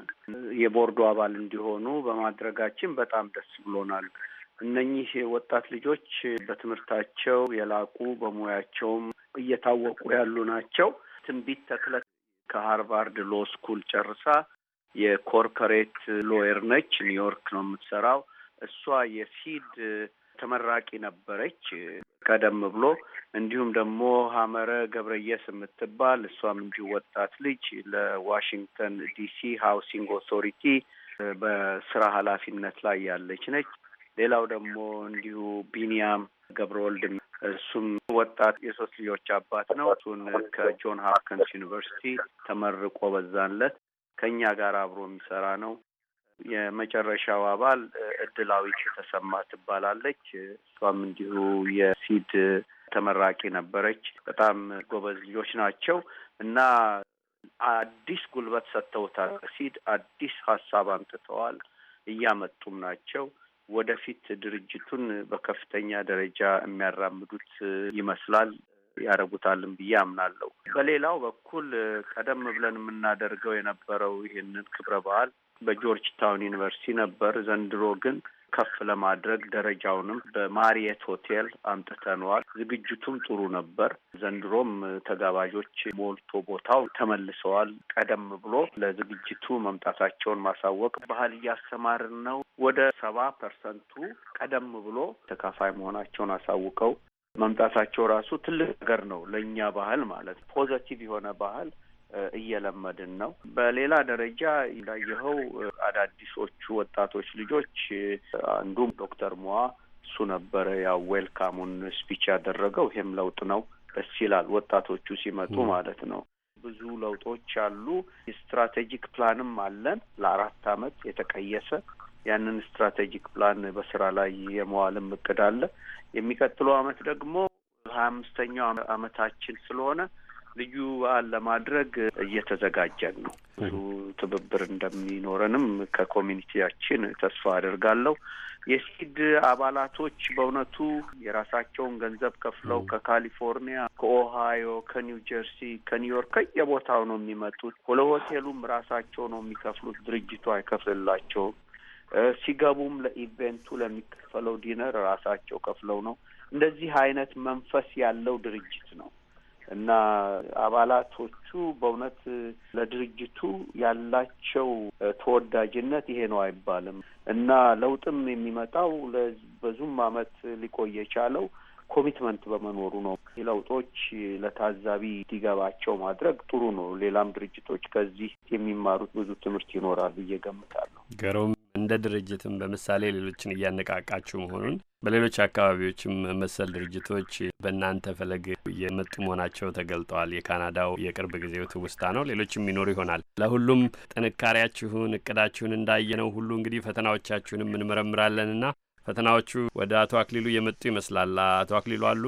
የቦርዱ አባል እንዲሆኑ በማድረጋችን በጣም ደስ ብሎናል። እነኚህ ወጣት ልጆች በትምህርታቸው የላቁ በሙያቸውም እየታወቁ ያሉ ናቸው። ትንቢት ተክለ ከሃርቫርድ ሎ ስኩል ጨርሳ የኮርፖሬት ሎየር ነች። ኒውዮርክ ነው የምትሰራው። እሷ የሲድ ተመራቂ ነበረች ቀደም ብሎ። እንዲሁም ደግሞ ሀመረ ገብረየስ የምትባል እሷም እንዲሁ ወጣት ልጅ ለዋሽንግተን ዲሲ ሃውሲንግ ኦቶሪቲ በስራ ኃላፊነት ላይ ያለች ነች። ሌላው ደግሞ እንዲሁ ቢኒያም ገብረወልድ እሱም ወጣት የሶስት ልጆች አባት ነው። እሱን ከጆን ሀፕኪንስ ዩኒቨርሲቲ ተመርቆ በዛንለት ከእኛ ጋር አብሮ የሚሰራ ነው። የመጨረሻው አባል እድላዊት ተሰማ ትባላለች። እሷም እንዲሁ የሲድ ተመራቂ ነበረች። በጣም ጎበዝ ልጆች ናቸው እና አዲስ ጉልበት ሰጥተውታል። ሲድ አዲስ ሀሳብ አምጥተዋል፣ እያመጡም ናቸው። ወደፊት ድርጅቱን በከፍተኛ ደረጃ የሚያራምዱት ይመስላል ያደረጉታልም ብዬ አምናለሁ። በሌላው በኩል ቀደም ብለን የምናደርገው የነበረው ይህንን ክብረ በዓል በጆርጅ ታውን ዩኒቨርሲቲ ነበር። ዘንድሮ ግን ከፍ ለማድረግ ደረጃውንም በማሪየት ሆቴል አምጥተነዋል። ዝግጅቱም ጥሩ ነበር። ዘንድሮም ተጋባዦች ሞልቶ ቦታው ተመልሰዋል። ቀደም ብሎ ለዝግጅቱ መምጣታቸውን ማሳወቅ ባህል እያስተማርን ነው። ወደ ሰባ ፐርሰንቱ ቀደም ብሎ ተካፋይ መሆናቸውን አሳውቀው መምጣታቸው ራሱ ትልቅ ነገር ነው። ለእኛ ባህል ማለት ፖዘቲቭ የሆነ ባህል እየለመድን ነው። በሌላ ደረጃ እንዳየኸው አዳዲሶቹ ወጣቶች ልጆች አንዱም ዶክተር ሙዋ እሱ ነበረ ያው ዌልካሙን ስፒች ያደረገው። ይሄም ለውጥ ነው፣ ደስ ይላል። ወጣቶቹ ሲመጡ ማለት ነው። ብዙ ለውጦች አሉ። ስትራቴጂክ ፕላንም አለን ለአራት አመት የተቀየሰ ያንን ስትራቴጂክ ፕላን በስራ ላይ የመዋልም እቅድ አለ። የሚቀጥለው አመት ደግሞ ሀያ አምስተኛው አመታችን ስለሆነ ልዩ በዓል ለማድረግ እየተዘጋጀን ነው። ብዙ ትብብር እንደሚኖረንም ከኮሚኒቲያችን ተስፋ አድርጋለሁ። የሲድ አባላቶች በእውነቱ የራሳቸውን ገንዘብ ከፍለው ከካሊፎርኒያ፣ ከኦሃዮ፣ ከኒው ጀርሲ፣ ከኒውዮርክ ከየቦታው ነው የሚመጡት። ለሆቴሉም ራሳቸው ነው የሚከፍሉት፣ ድርጅቱ አይከፍልላቸውም። ሲገቡም ለኢቬንቱ ለሚከፈለው ዲነር ራሳቸው ከፍለው ነው። እንደዚህ አይነት መንፈስ ያለው ድርጅት ነው። እና አባላቶቹ በእውነት ለድርጅቱ ያላቸው ተወዳጅነት ይሄ ነው አይባልም እና ለውጥም የሚመጣው ብዙም አመት ሊቆይ የቻለው ኮሚትመንት በመኖሩ ነው። ለውጦች ለታዛቢ እንዲገባቸው ማድረግ ጥሩ ነው። ሌላም ድርጅቶች ከዚህ የሚማሩት ብዙ ትምህርት ይኖራል ብዬ ገምታለሁ። ገሮም እንደ ድርጅትም በምሳሌ ሌሎችን እያነቃቃችሁ መሆኑን በሌሎች አካባቢዎችም መሰል ድርጅቶች በእናንተ ፈለግ የመጡ መሆናቸው ተገልጠዋል። የካናዳው የቅርብ ጊዜው ትውስታ ነው። ሌሎችም ይኖሩ ይሆናል። ለሁሉም ጥንካሬያችሁን፣ እቅዳችሁን እንዳየነው ሁሉ እንግዲህ ፈተናዎቻችሁንም እንመረምራለንና ፈተናዎቹ ወደ አቶ አክሊሉ የመጡ ይመስላል። አቶ አክሊሉ አሉ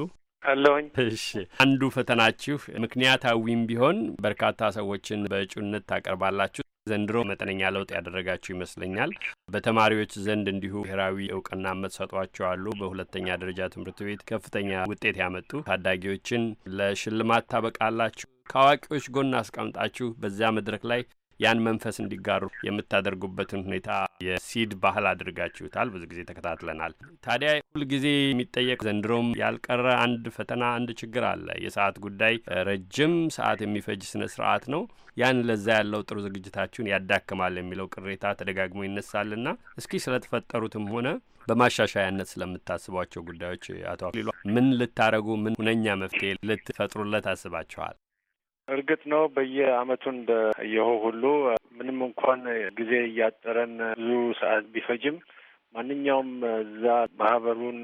አለሁኝ። እሺ፣ አንዱ ፈተናችሁ ምክንያታዊም ቢሆን በርካታ ሰዎችን በእጩነት ታቀርባላችሁ። ዘንድሮ መጠነኛ ለውጥ ያደረጋቸው ይመስለኛል። በተማሪዎች ዘንድ እንዲሁ ብሔራዊ እውቅና መትሰጧቸው አሉ። በሁለተኛ ደረጃ ትምህርት ቤት ከፍተኛ ውጤት ያመጡ ታዳጊዎችን ለሽልማት ታበቃላችሁ። ከአዋቂዎች ጎን አስቀምጣችሁ በዚያ መድረክ ላይ ያን መንፈስ እንዲጋሩ የምታደርጉበትን ሁኔታ የሲድ ባህል አድርጋችሁታል። ብዙ ጊዜ ተከታትለናል። ታዲያ ሁልጊዜ የሚጠየቅ ዘንድሮም ያልቀረ አንድ ፈተና፣ አንድ ችግር አለ። የሰዓት ጉዳይ ረጅም ሰዓት የሚፈጅ ስነ ስርዓት ነው። ያን ለዛ ያለው ጥሩ ዝግጅታችሁን ያዳክማል የሚለው ቅሬታ ተደጋግሞ ይነሳልና እስኪ ስለተፈጠሩትም ሆነ በማሻሻያነት ስለምታስቧቸው ጉዳዮች አቶ አክሊሉ ምን ልታረጉ ምን ሁነኛ መፍትሄ ልትፈጥሩለት አስባችኋል? እርግጥ ነው በየአመቱ እንደ ሁሉ ምንም እንኳን ጊዜ እያጠረን ብዙ ሰዓት ቢፈጅም ማንኛውም እዛ ማህበሩን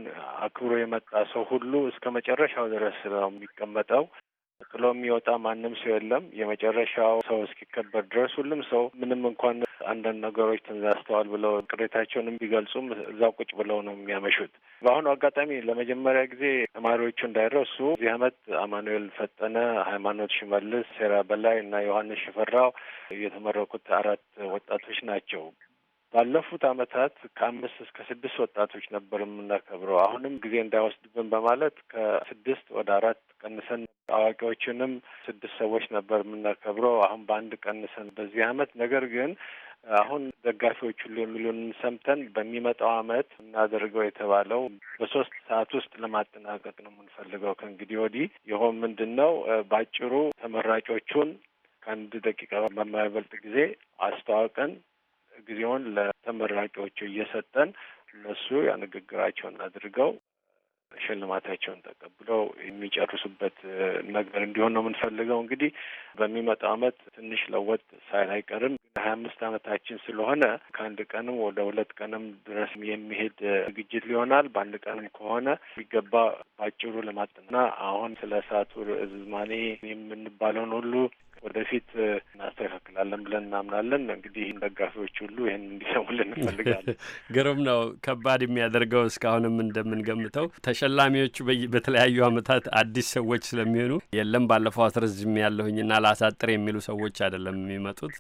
አክብሮ የመጣ ሰው ሁሉ እስከ መጨረሻው ድረስ ነው የሚቀመጠው። ጥሎ የሚወጣ ማንም ሰው የለም። የመጨረሻው ሰው እስኪከበር ድረስ ሁሉም ሰው ምንም እንኳን አንዳንድ ነገሮች ተንዛዝተዋል ብለው ቅሬታቸውንም ቢገልጹም እዛው ቁጭ ብለው ነው የሚያመሹት። በአሁኑ አጋጣሚ ለመጀመሪያ ጊዜ ተማሪዎቹ እንዳይረሱ እዚህ ዓመት አማኑኤል ፈጠነ፣ ሃይማኖት ሽመልስ፣ ሴራ በላይ እና ዮሐንስ ሽፈራው የተመረቁት አራት ወጣቶች ናቸው። ባለፉት ዓመታት ከአምስት እስከ ስድስት ወጣቶች ነበር የምናከብረው። አሁንም ጊዜ እንዳይወስድብን በማለት ከስድስት ወደ አራት ቀንሰን አዋቂዎችንም ስድስት ሰዎች ነበር የምናከብረው። አሁን በአንድ ቀንሰን በዚህ አመት ነገር ግን አሁን ደጋፊዎች ሁሉ የሚሉን ሰምተን በሚመጣው አመት እናደርገው የተባለው በሶስት ሰዓት ውስጥ ለማጠናቀቅ ነው የምንፈልገው። ከእንግዲህ ወዲህ ይሆን ምንድን ነው ባጭሩ ተመራጮቹን ከአንድ ደቂቃ በማይበልጥ ጊዜ አስተዋውቀን ጊዜውን ለተመራቂዎቹ እየሰጠን እነሱ ያንግግራቸውን ንግግራቸውን አድርገው ሽልማታቸውን ተቀብለው የሚጨርሱበት ነገር እንዲሆን ነው የምንፈልገው። እንግዲህ በሚመጣው ዓመት ትንሽ ለወጥ ሳይል አይቀርም። ሀያ አምስት አመታችን ስለሆነ ከአንድ ቀንም ወደ ሁለት ቀንም ድረስ የሚሄድ ዝግጅት ሊሆናል። በአንድ ቀንም ከሆነ የሚገባ ባጭሩ ለማጠና አሁን ስለ እሳቱ ዝማኔ የምንባለውን ሁሉ ወደፊት እናስተካክላለን ብለን እናምናለን። እንግዲህ ደጋፊዎች ሁሉ ይህን እንዲሰሙልን እንፈልጋለን። ግሩም ነው። ከባድ የሚያደርገው እስካሁንም እንደምንገምተው ተሸላሚዎቹ በተለያዩ አመታት አዲስ ሰዎች ስለሚሆኑ የለም ባለፈው አስረዝም ያለሁኝና ላሳጥር የሚሉ ሰዎች አይደለም የሚመጡት።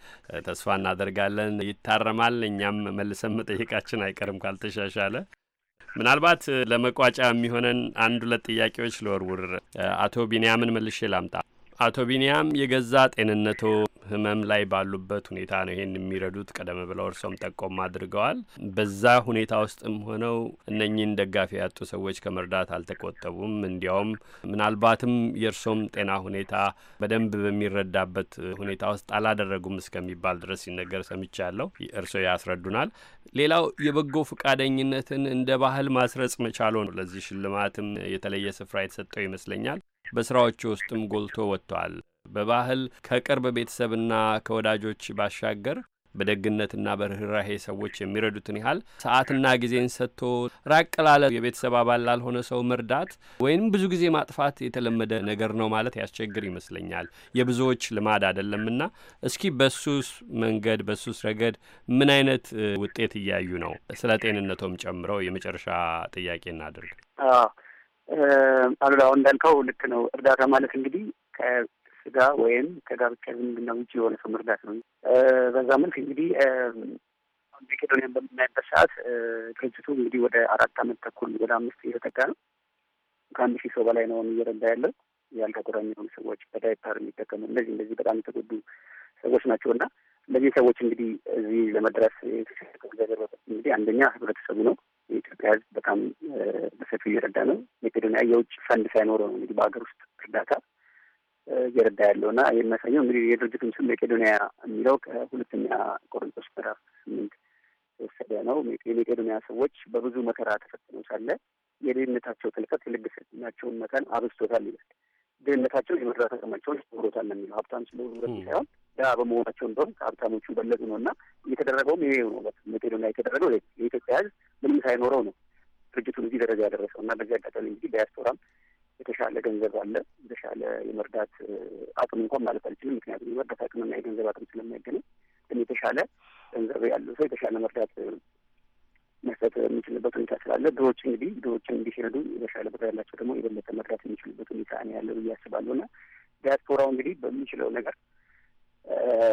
ተስፋ እናደርጋለን ይታረማል። እኛም መልሰን መጠየቃችን አይቀርም ካልተሻሻለ ምናልባት ለመቋጫ የሚሆነን አንድ ሁለት ጥያቄዎች ለወርውር አቶ ቢንያምን መልሼ ላምጣ። አቶ ቢንያም የገዛ ጤንነቶ ህመም ላይ ባሉበት ሁኔታ ነው ይሄን የሚረዱት። ቀደም ብለው እርሶም ጠቆም አድርገዋል። በዛ ሁኔታ ውስጥም ሆነው እነኚህን ደጋፊ ያጡ ሰዎች ከመርዳት አልተቆጠቡም። እንዲያውም ምናልባትም የእርሶም ጤና ሁኔታ በደንብ በሚረዳበት ሁኔታ ውስጥ አላደረጉም እስከሚባል ድረስ ሲነገር ሰምቻለሁ። እርሶ ያስረዱናል። ሌላው የበጎ ፈቃደኝነትን እንደ ባህል ማስረጽ መቻሎ ነው። ለዚህ ሽልማትም የተለየ ስፍራ የተሰጠው ይመስለኛል። በስራዎች ውስጥም ጎልቶ ወጥቷል። በባህል ከቅርብ ቤተሰብና ከወዳጆች ባሻገር በደግነትና በርኅራሄ ሰዎች የሚረዱትን ያህል ሰዓትና ጊዜን ሰጥቶ ራቅ ላለ የቤተሰብ አባል ላልሆነ ሰው መርዳት ወይም ብዙ ጊዜ ማጥፋት የተለመደ ነገር ነው ማለት ያስቸግር ይመስለኛል። የብዙዎች ልማድ አይደለምና እስኪ በሱስ መንገድ በሱስ ረገድ ምን አይነት ውጤት እያዩ ነው? ስለ ጤንነቶም ጨምረው የመጨረሻ ጥያቄ እናድርግ። አሉላ እንዳልከው ልክ ነው። እርዳታ ማለት እንግዲህ ከስጋ ወይም ከጋብቻ ዝምድና ውጭ የሆነ ሰው መርዳት ነው። በዛ መልክ እንግዲህ መቄዶኒያን በምናይበት ሰዓት ድርጅቱ እንግዲህ ወደ አራት አመት ተኩል ወደ አምስት እየተጠጋ ነው። ከአንድ ሺህ ሰው በላይ ነው እየረዳ ያለው ያልተጎዳኙ የሆኑ ሰዎች በዳይፐር የሚጠቀሙ እነዚህ እንደዚህ በጣም የተጎዱ ሰዎች ናቸው እና እነዚህ ሰዎች እንግዲህ እዚህ ለመድረስ እንግዲህ አንደኛ ህብረተሰቡ ነው የኢትዮጵያ ሕዝብ በጣም በሰፊው እየረዳ ነው። መቄዶንያ የውጭ ፈንድ ሳይኖረው ነው እንግዲህ በሀገር ውስጥ እርዳታ እየረዳ ያለው እና የሚያሳየው እንግዲህ የድርጅቱ ስም መቄዶንያ የሚለው ከሁለተኛ ቆሮንቶስ ምዕራፍ ስምንት የተወሰደ ነው። የመቄዶንያ ሰዎች በብዙ መከራ ተፈትነው ሳለ የድህነታቸው ጥልቀት የልግስናቸውን መጠን አብስቶታል ይላል። ድህነታቸው የመረዳት አቅማቸውን ጨምሮታል ነው የሚለው ሀብታም ስለሆኑ ሳይሆን ድሀ በመሆናቸው እንደሆን ከሀብታሞቹ በለጡ ነው እና የተደረገውም ይሄ ነው። መቄዶንያ የተደረገው የኢትዮጵያ ህዝብ ምንም ሳይኖረው ነው ድርጅቱን እዚህ ደረጃ ያደረሰው እና በዚህ አጋጣሚ እንግዲህ ዳያስፖራም የተሻለ ገንዘብ አለ የተሻለ የመርዳት አቅም እንኳን ማለት አልችልም። ምክንያቱም የመርዳት አቅምና የገንዘብ አቅም ስለማይገናኝ፣ ግን የተሻለ ገንዘብ ያለው ሰው የተሻለ መርዳት መስጠት የሚችልበት ሁኔታ ስላለ ድሮች እንግዲህ ድሮችን እንዲሄዱ የተሻለ ቦታ ያላቸው ደግሞ የበለጠ መርዳት የሚችሉበት ሁኔታ ያለው ብዬ አስባለሁ እና ዲያስፖራው እንግዲህ በሚችለው ነገር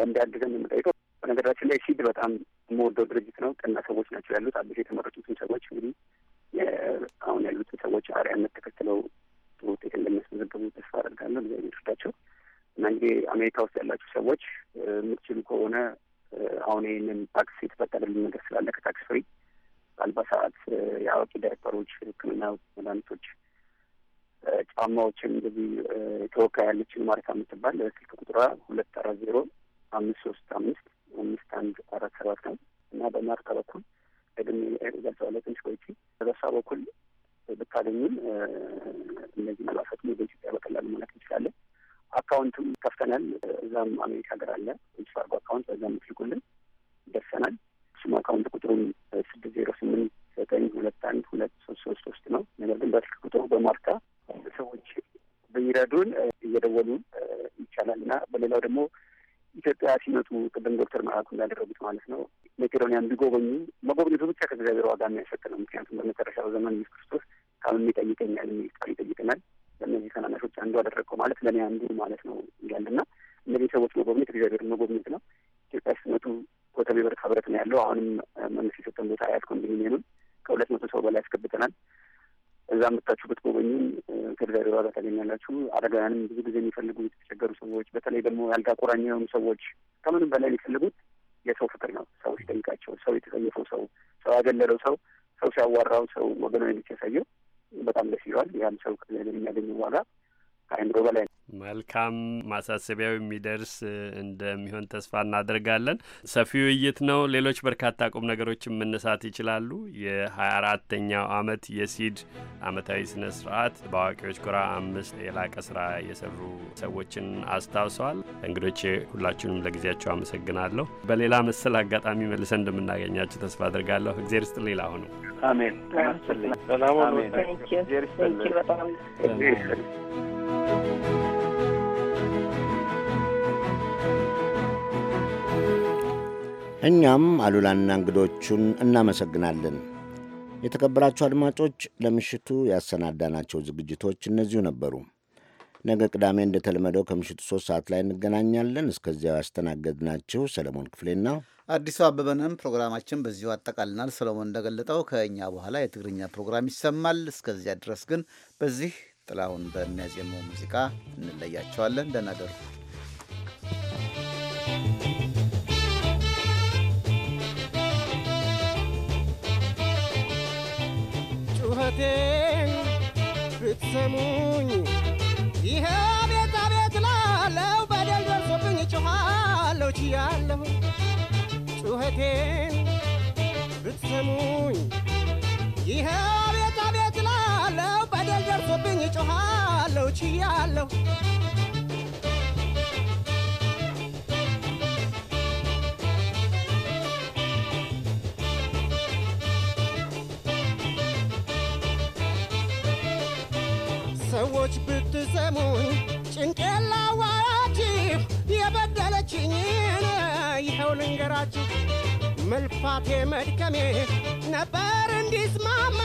እንዲያግዘን የምጠይቀው። በነገራችን ላይ ሲድ በጣም የምወደው ድርጅት ነው። ቀና ሰዎች ናቸው ያሉት። አዲስ የተመረጡትን ሰዎች እንግዲህ አሁን ያሉትን ሰዎች አርአያነት ተከትለው ጥሩ ውጤት እንደሚያስመዘግቡ ተስፋ አደርጋለሁ። እግዚአብሔር ይርዳቸው እና እንግዲህ አሜሪካ ውስጥ ያላችሁ ሰዎች የምትችሉ ከሆነ አሁን ይህንን ታክስ የተፈጠረልን ነገር ስላለ ከታክስ ፍሪ አልባሳት የአዋቂ ዳይፐሮች፣ ሕክምና መድኃኒቶች ጫማዎችን እንግዲህ ተወካይ ያለችን ማርታ የምትባል ስልክ ቁጥሯ ሁለት አራት ዜሮ አምስት ሶስት አምስት አምስት አንድ አራት ሰባት ነው እና በማርካ በኩል ደግሜ ገልጸዋለሁ። ትንሽ ቆይቼ በበሳ በኩል ብታገኙን እነዚህ መላፈት በኢትዮጵያ በቀላሉ ማለት እንችላለን። አካውንትም ከፍተናል። እዛም አሜሪካ ሀገር አለ ስፋርጎ አካውንት በዛም ትልኩልን ደርሰናል። እሱም አካውንት ቁጥሩም ስድስት ዜሮ ስምንት ዘጠኝ ሁለት አንድ ሁለት ሶስት ሶስት ሶስት ነው። ነገር ግን በስልክ ቁጥሩ በማርካ ሰዎች ቢረዱን እየደወሉ ይቻላል እና በሌላው ደግሞ ኢትዮጵያ ሲመጡ ቅድም ዶክተር መራኩ እንዳደረጉት ማለት ነው መቄዶንያን ቢጎበኙ መጎብኘቱ ብቻ ከእግዚአብሔር ዋጋ የሚያሰጥ ነው። ምክንያቱም በመጨረሻው ዘመን ኢየሱስ ክርስቶስ ካምም ይጠይቀኛል የሚል ቃል ይጠይቀናል። በእነዚህ ታናናሾች አንዱ አደረግከው ማለት ለእኔ አንዱ ማለት ነው ይላልና እነዚህ ሰዎች መጎብኘት እግዚአብሔር መጎብኘት ነው። ኢትዮጵያ ሲመጡ ኮተቤ በርካ ብረት ነው ያለው። አሁንም መንግስት የሰጠን ቦታ አያት ኮንዶሚኒየምም ከሁለት መቶ ሰው በላይ ያስገብተናል። እዛ መታችሁ ብትጎበኙ ከድሬዳዋ ጋር ታገኛላችሁ። አረጋውያንም ብዙ ጊዜ የሚፈልጉ የተቸገሩ ሰዎች፣ በተለይ ደግሞ ያልጋ ቁራኛ የሆኑ ሰዎች ከምንም በላይ የሚፈልጉት የሰው ፍቅር ነው። ሰው ሲጠይቃቸው፣ ሰው የተሰየፈው ሰው ሰው ያገለለው ሰው ሰው ሲያዋራው ሰው ወገናዊ ያሳየው በጣም ደስ ይለዋል። ያም ሰው ከእግዚአብሔር የሚያገኘው ዋጋ አይምሮ በላይ ነው። መልካም ማሳሰቢያው የሚደርስ እንደሚሆን ተስፋ እናደርጋለን። ሰፊ ውይይት ነው። ሌሎች በርካታ ቁም ነገሮችን መነሳት ይችላሉ። የሀያ አራተኛው አመት የሲድ አመታዊ ስነ ስርአት በአዋቂዎች ጎራ አምስት የላቀ ስራ የሰሩ ሰዎችን አስታውሰዋል። እንግዶች ሁላችሁንም ለጊዜያቸው አመሰግናለሁ። በሌላ መሰል አጋጣሚ መልሰን እንደምናገኛቸው ተስፋ አድርጋለሁ። እግዜር ስጥ ሌላ ሆኑ አሜን። እኛም አሉላና እንግዶቹን እናመሰግናለን። የተከበራችሁ አድማጮች ለምሽቱ ያሰናዳናቸው ዝግጅቶች እነዚሁ ነበሩ። ነገ ቅዳሜ እንደተለመደው ከምሽቱ ሶስት ሰዓት ላይ እንገናኛለን። እስከዚያው ያስተናገድናችሁ ሰለሞን ክፍሌና አዲሱ አበበንም ፕሮግራማችን በዚሁ አጠቃልናል። ሰለሞን እንደገለጠው ከእኛ በኋላ የትግርኛ ፕሮግራም ይሰማል። እስከዚያ ድረስ ግን በዚህ ጥላሁን በሚያዜመው ሙዚቃ እንለያቸዋለን። ደህና ደሩ። ጩኸቴን ብትሰሙኝ ይሄ ቤት አቤት ላለው በደል ደርሶብኝ ጮኻለሁ ችያለሁ ጩኸቴን ብትሰሙኝ ይሄ ቤት አቤት ላለው በደል ደርሶብኝ ጮኻለሁ ችያለሁ ሰሙኝ ጭንቄላ ዋራችሁ የበደለችኝ ይኸው ልንገራችሁ። መልፋቴ መድከሜ ነበር እንዲስማማ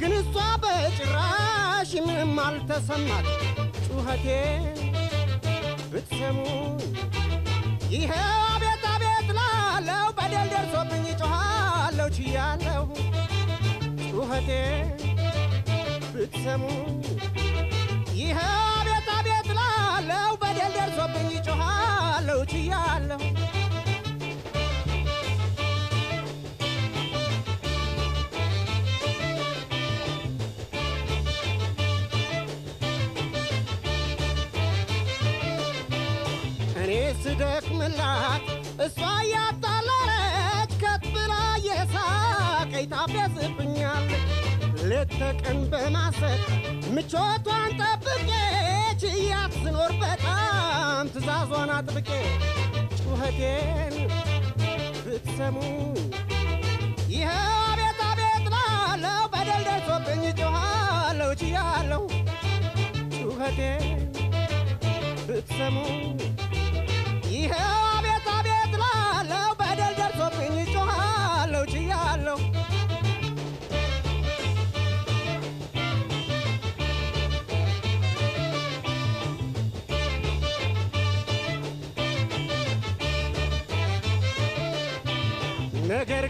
ግን እሷ በጭራሽ ምንም አልተሰማት። ጩኸቴ ብትሰሙ ይኸው አቤት አቤት ላለው በደል ደርሶብኝ ጮኋለሁ ችያለሁ ጩኸቴ ብትሰሙ ችያለሁ እኔ ስደክምላት እሷ ለቀን በማሰብ ምቾቷን ጠብቄ ችያት ስኖር በጣም ትእዛዟን አጥብቄ ጩኸቴን ብትሰሙ ይኸው አቤት አቤት ላለው በደል ደርሶብኝ ጮኋለሁ ችያለሁ ጩኸቴን ብትሰሙ ይኸው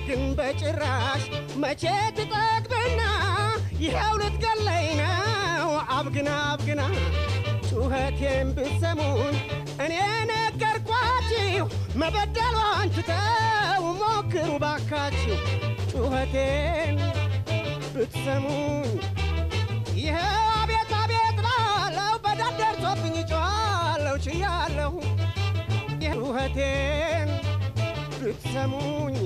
ግን በጭራሽ መቼ ትጠግብና ይኸው ልትገለኝ ነው። አብግና አብግና ጩኸቴን ብትሰሙን እኔ ነገርኳችሁ። መበደሏን ትተው ሞክሩ ባካችሁ። ጩኸቴን ብትሰሙን ይኸው አቤት አቤት ላለው ደርሶብኝ ጮኋለሁ ችያለሁ ጩኸቴን ብትሰሙኝ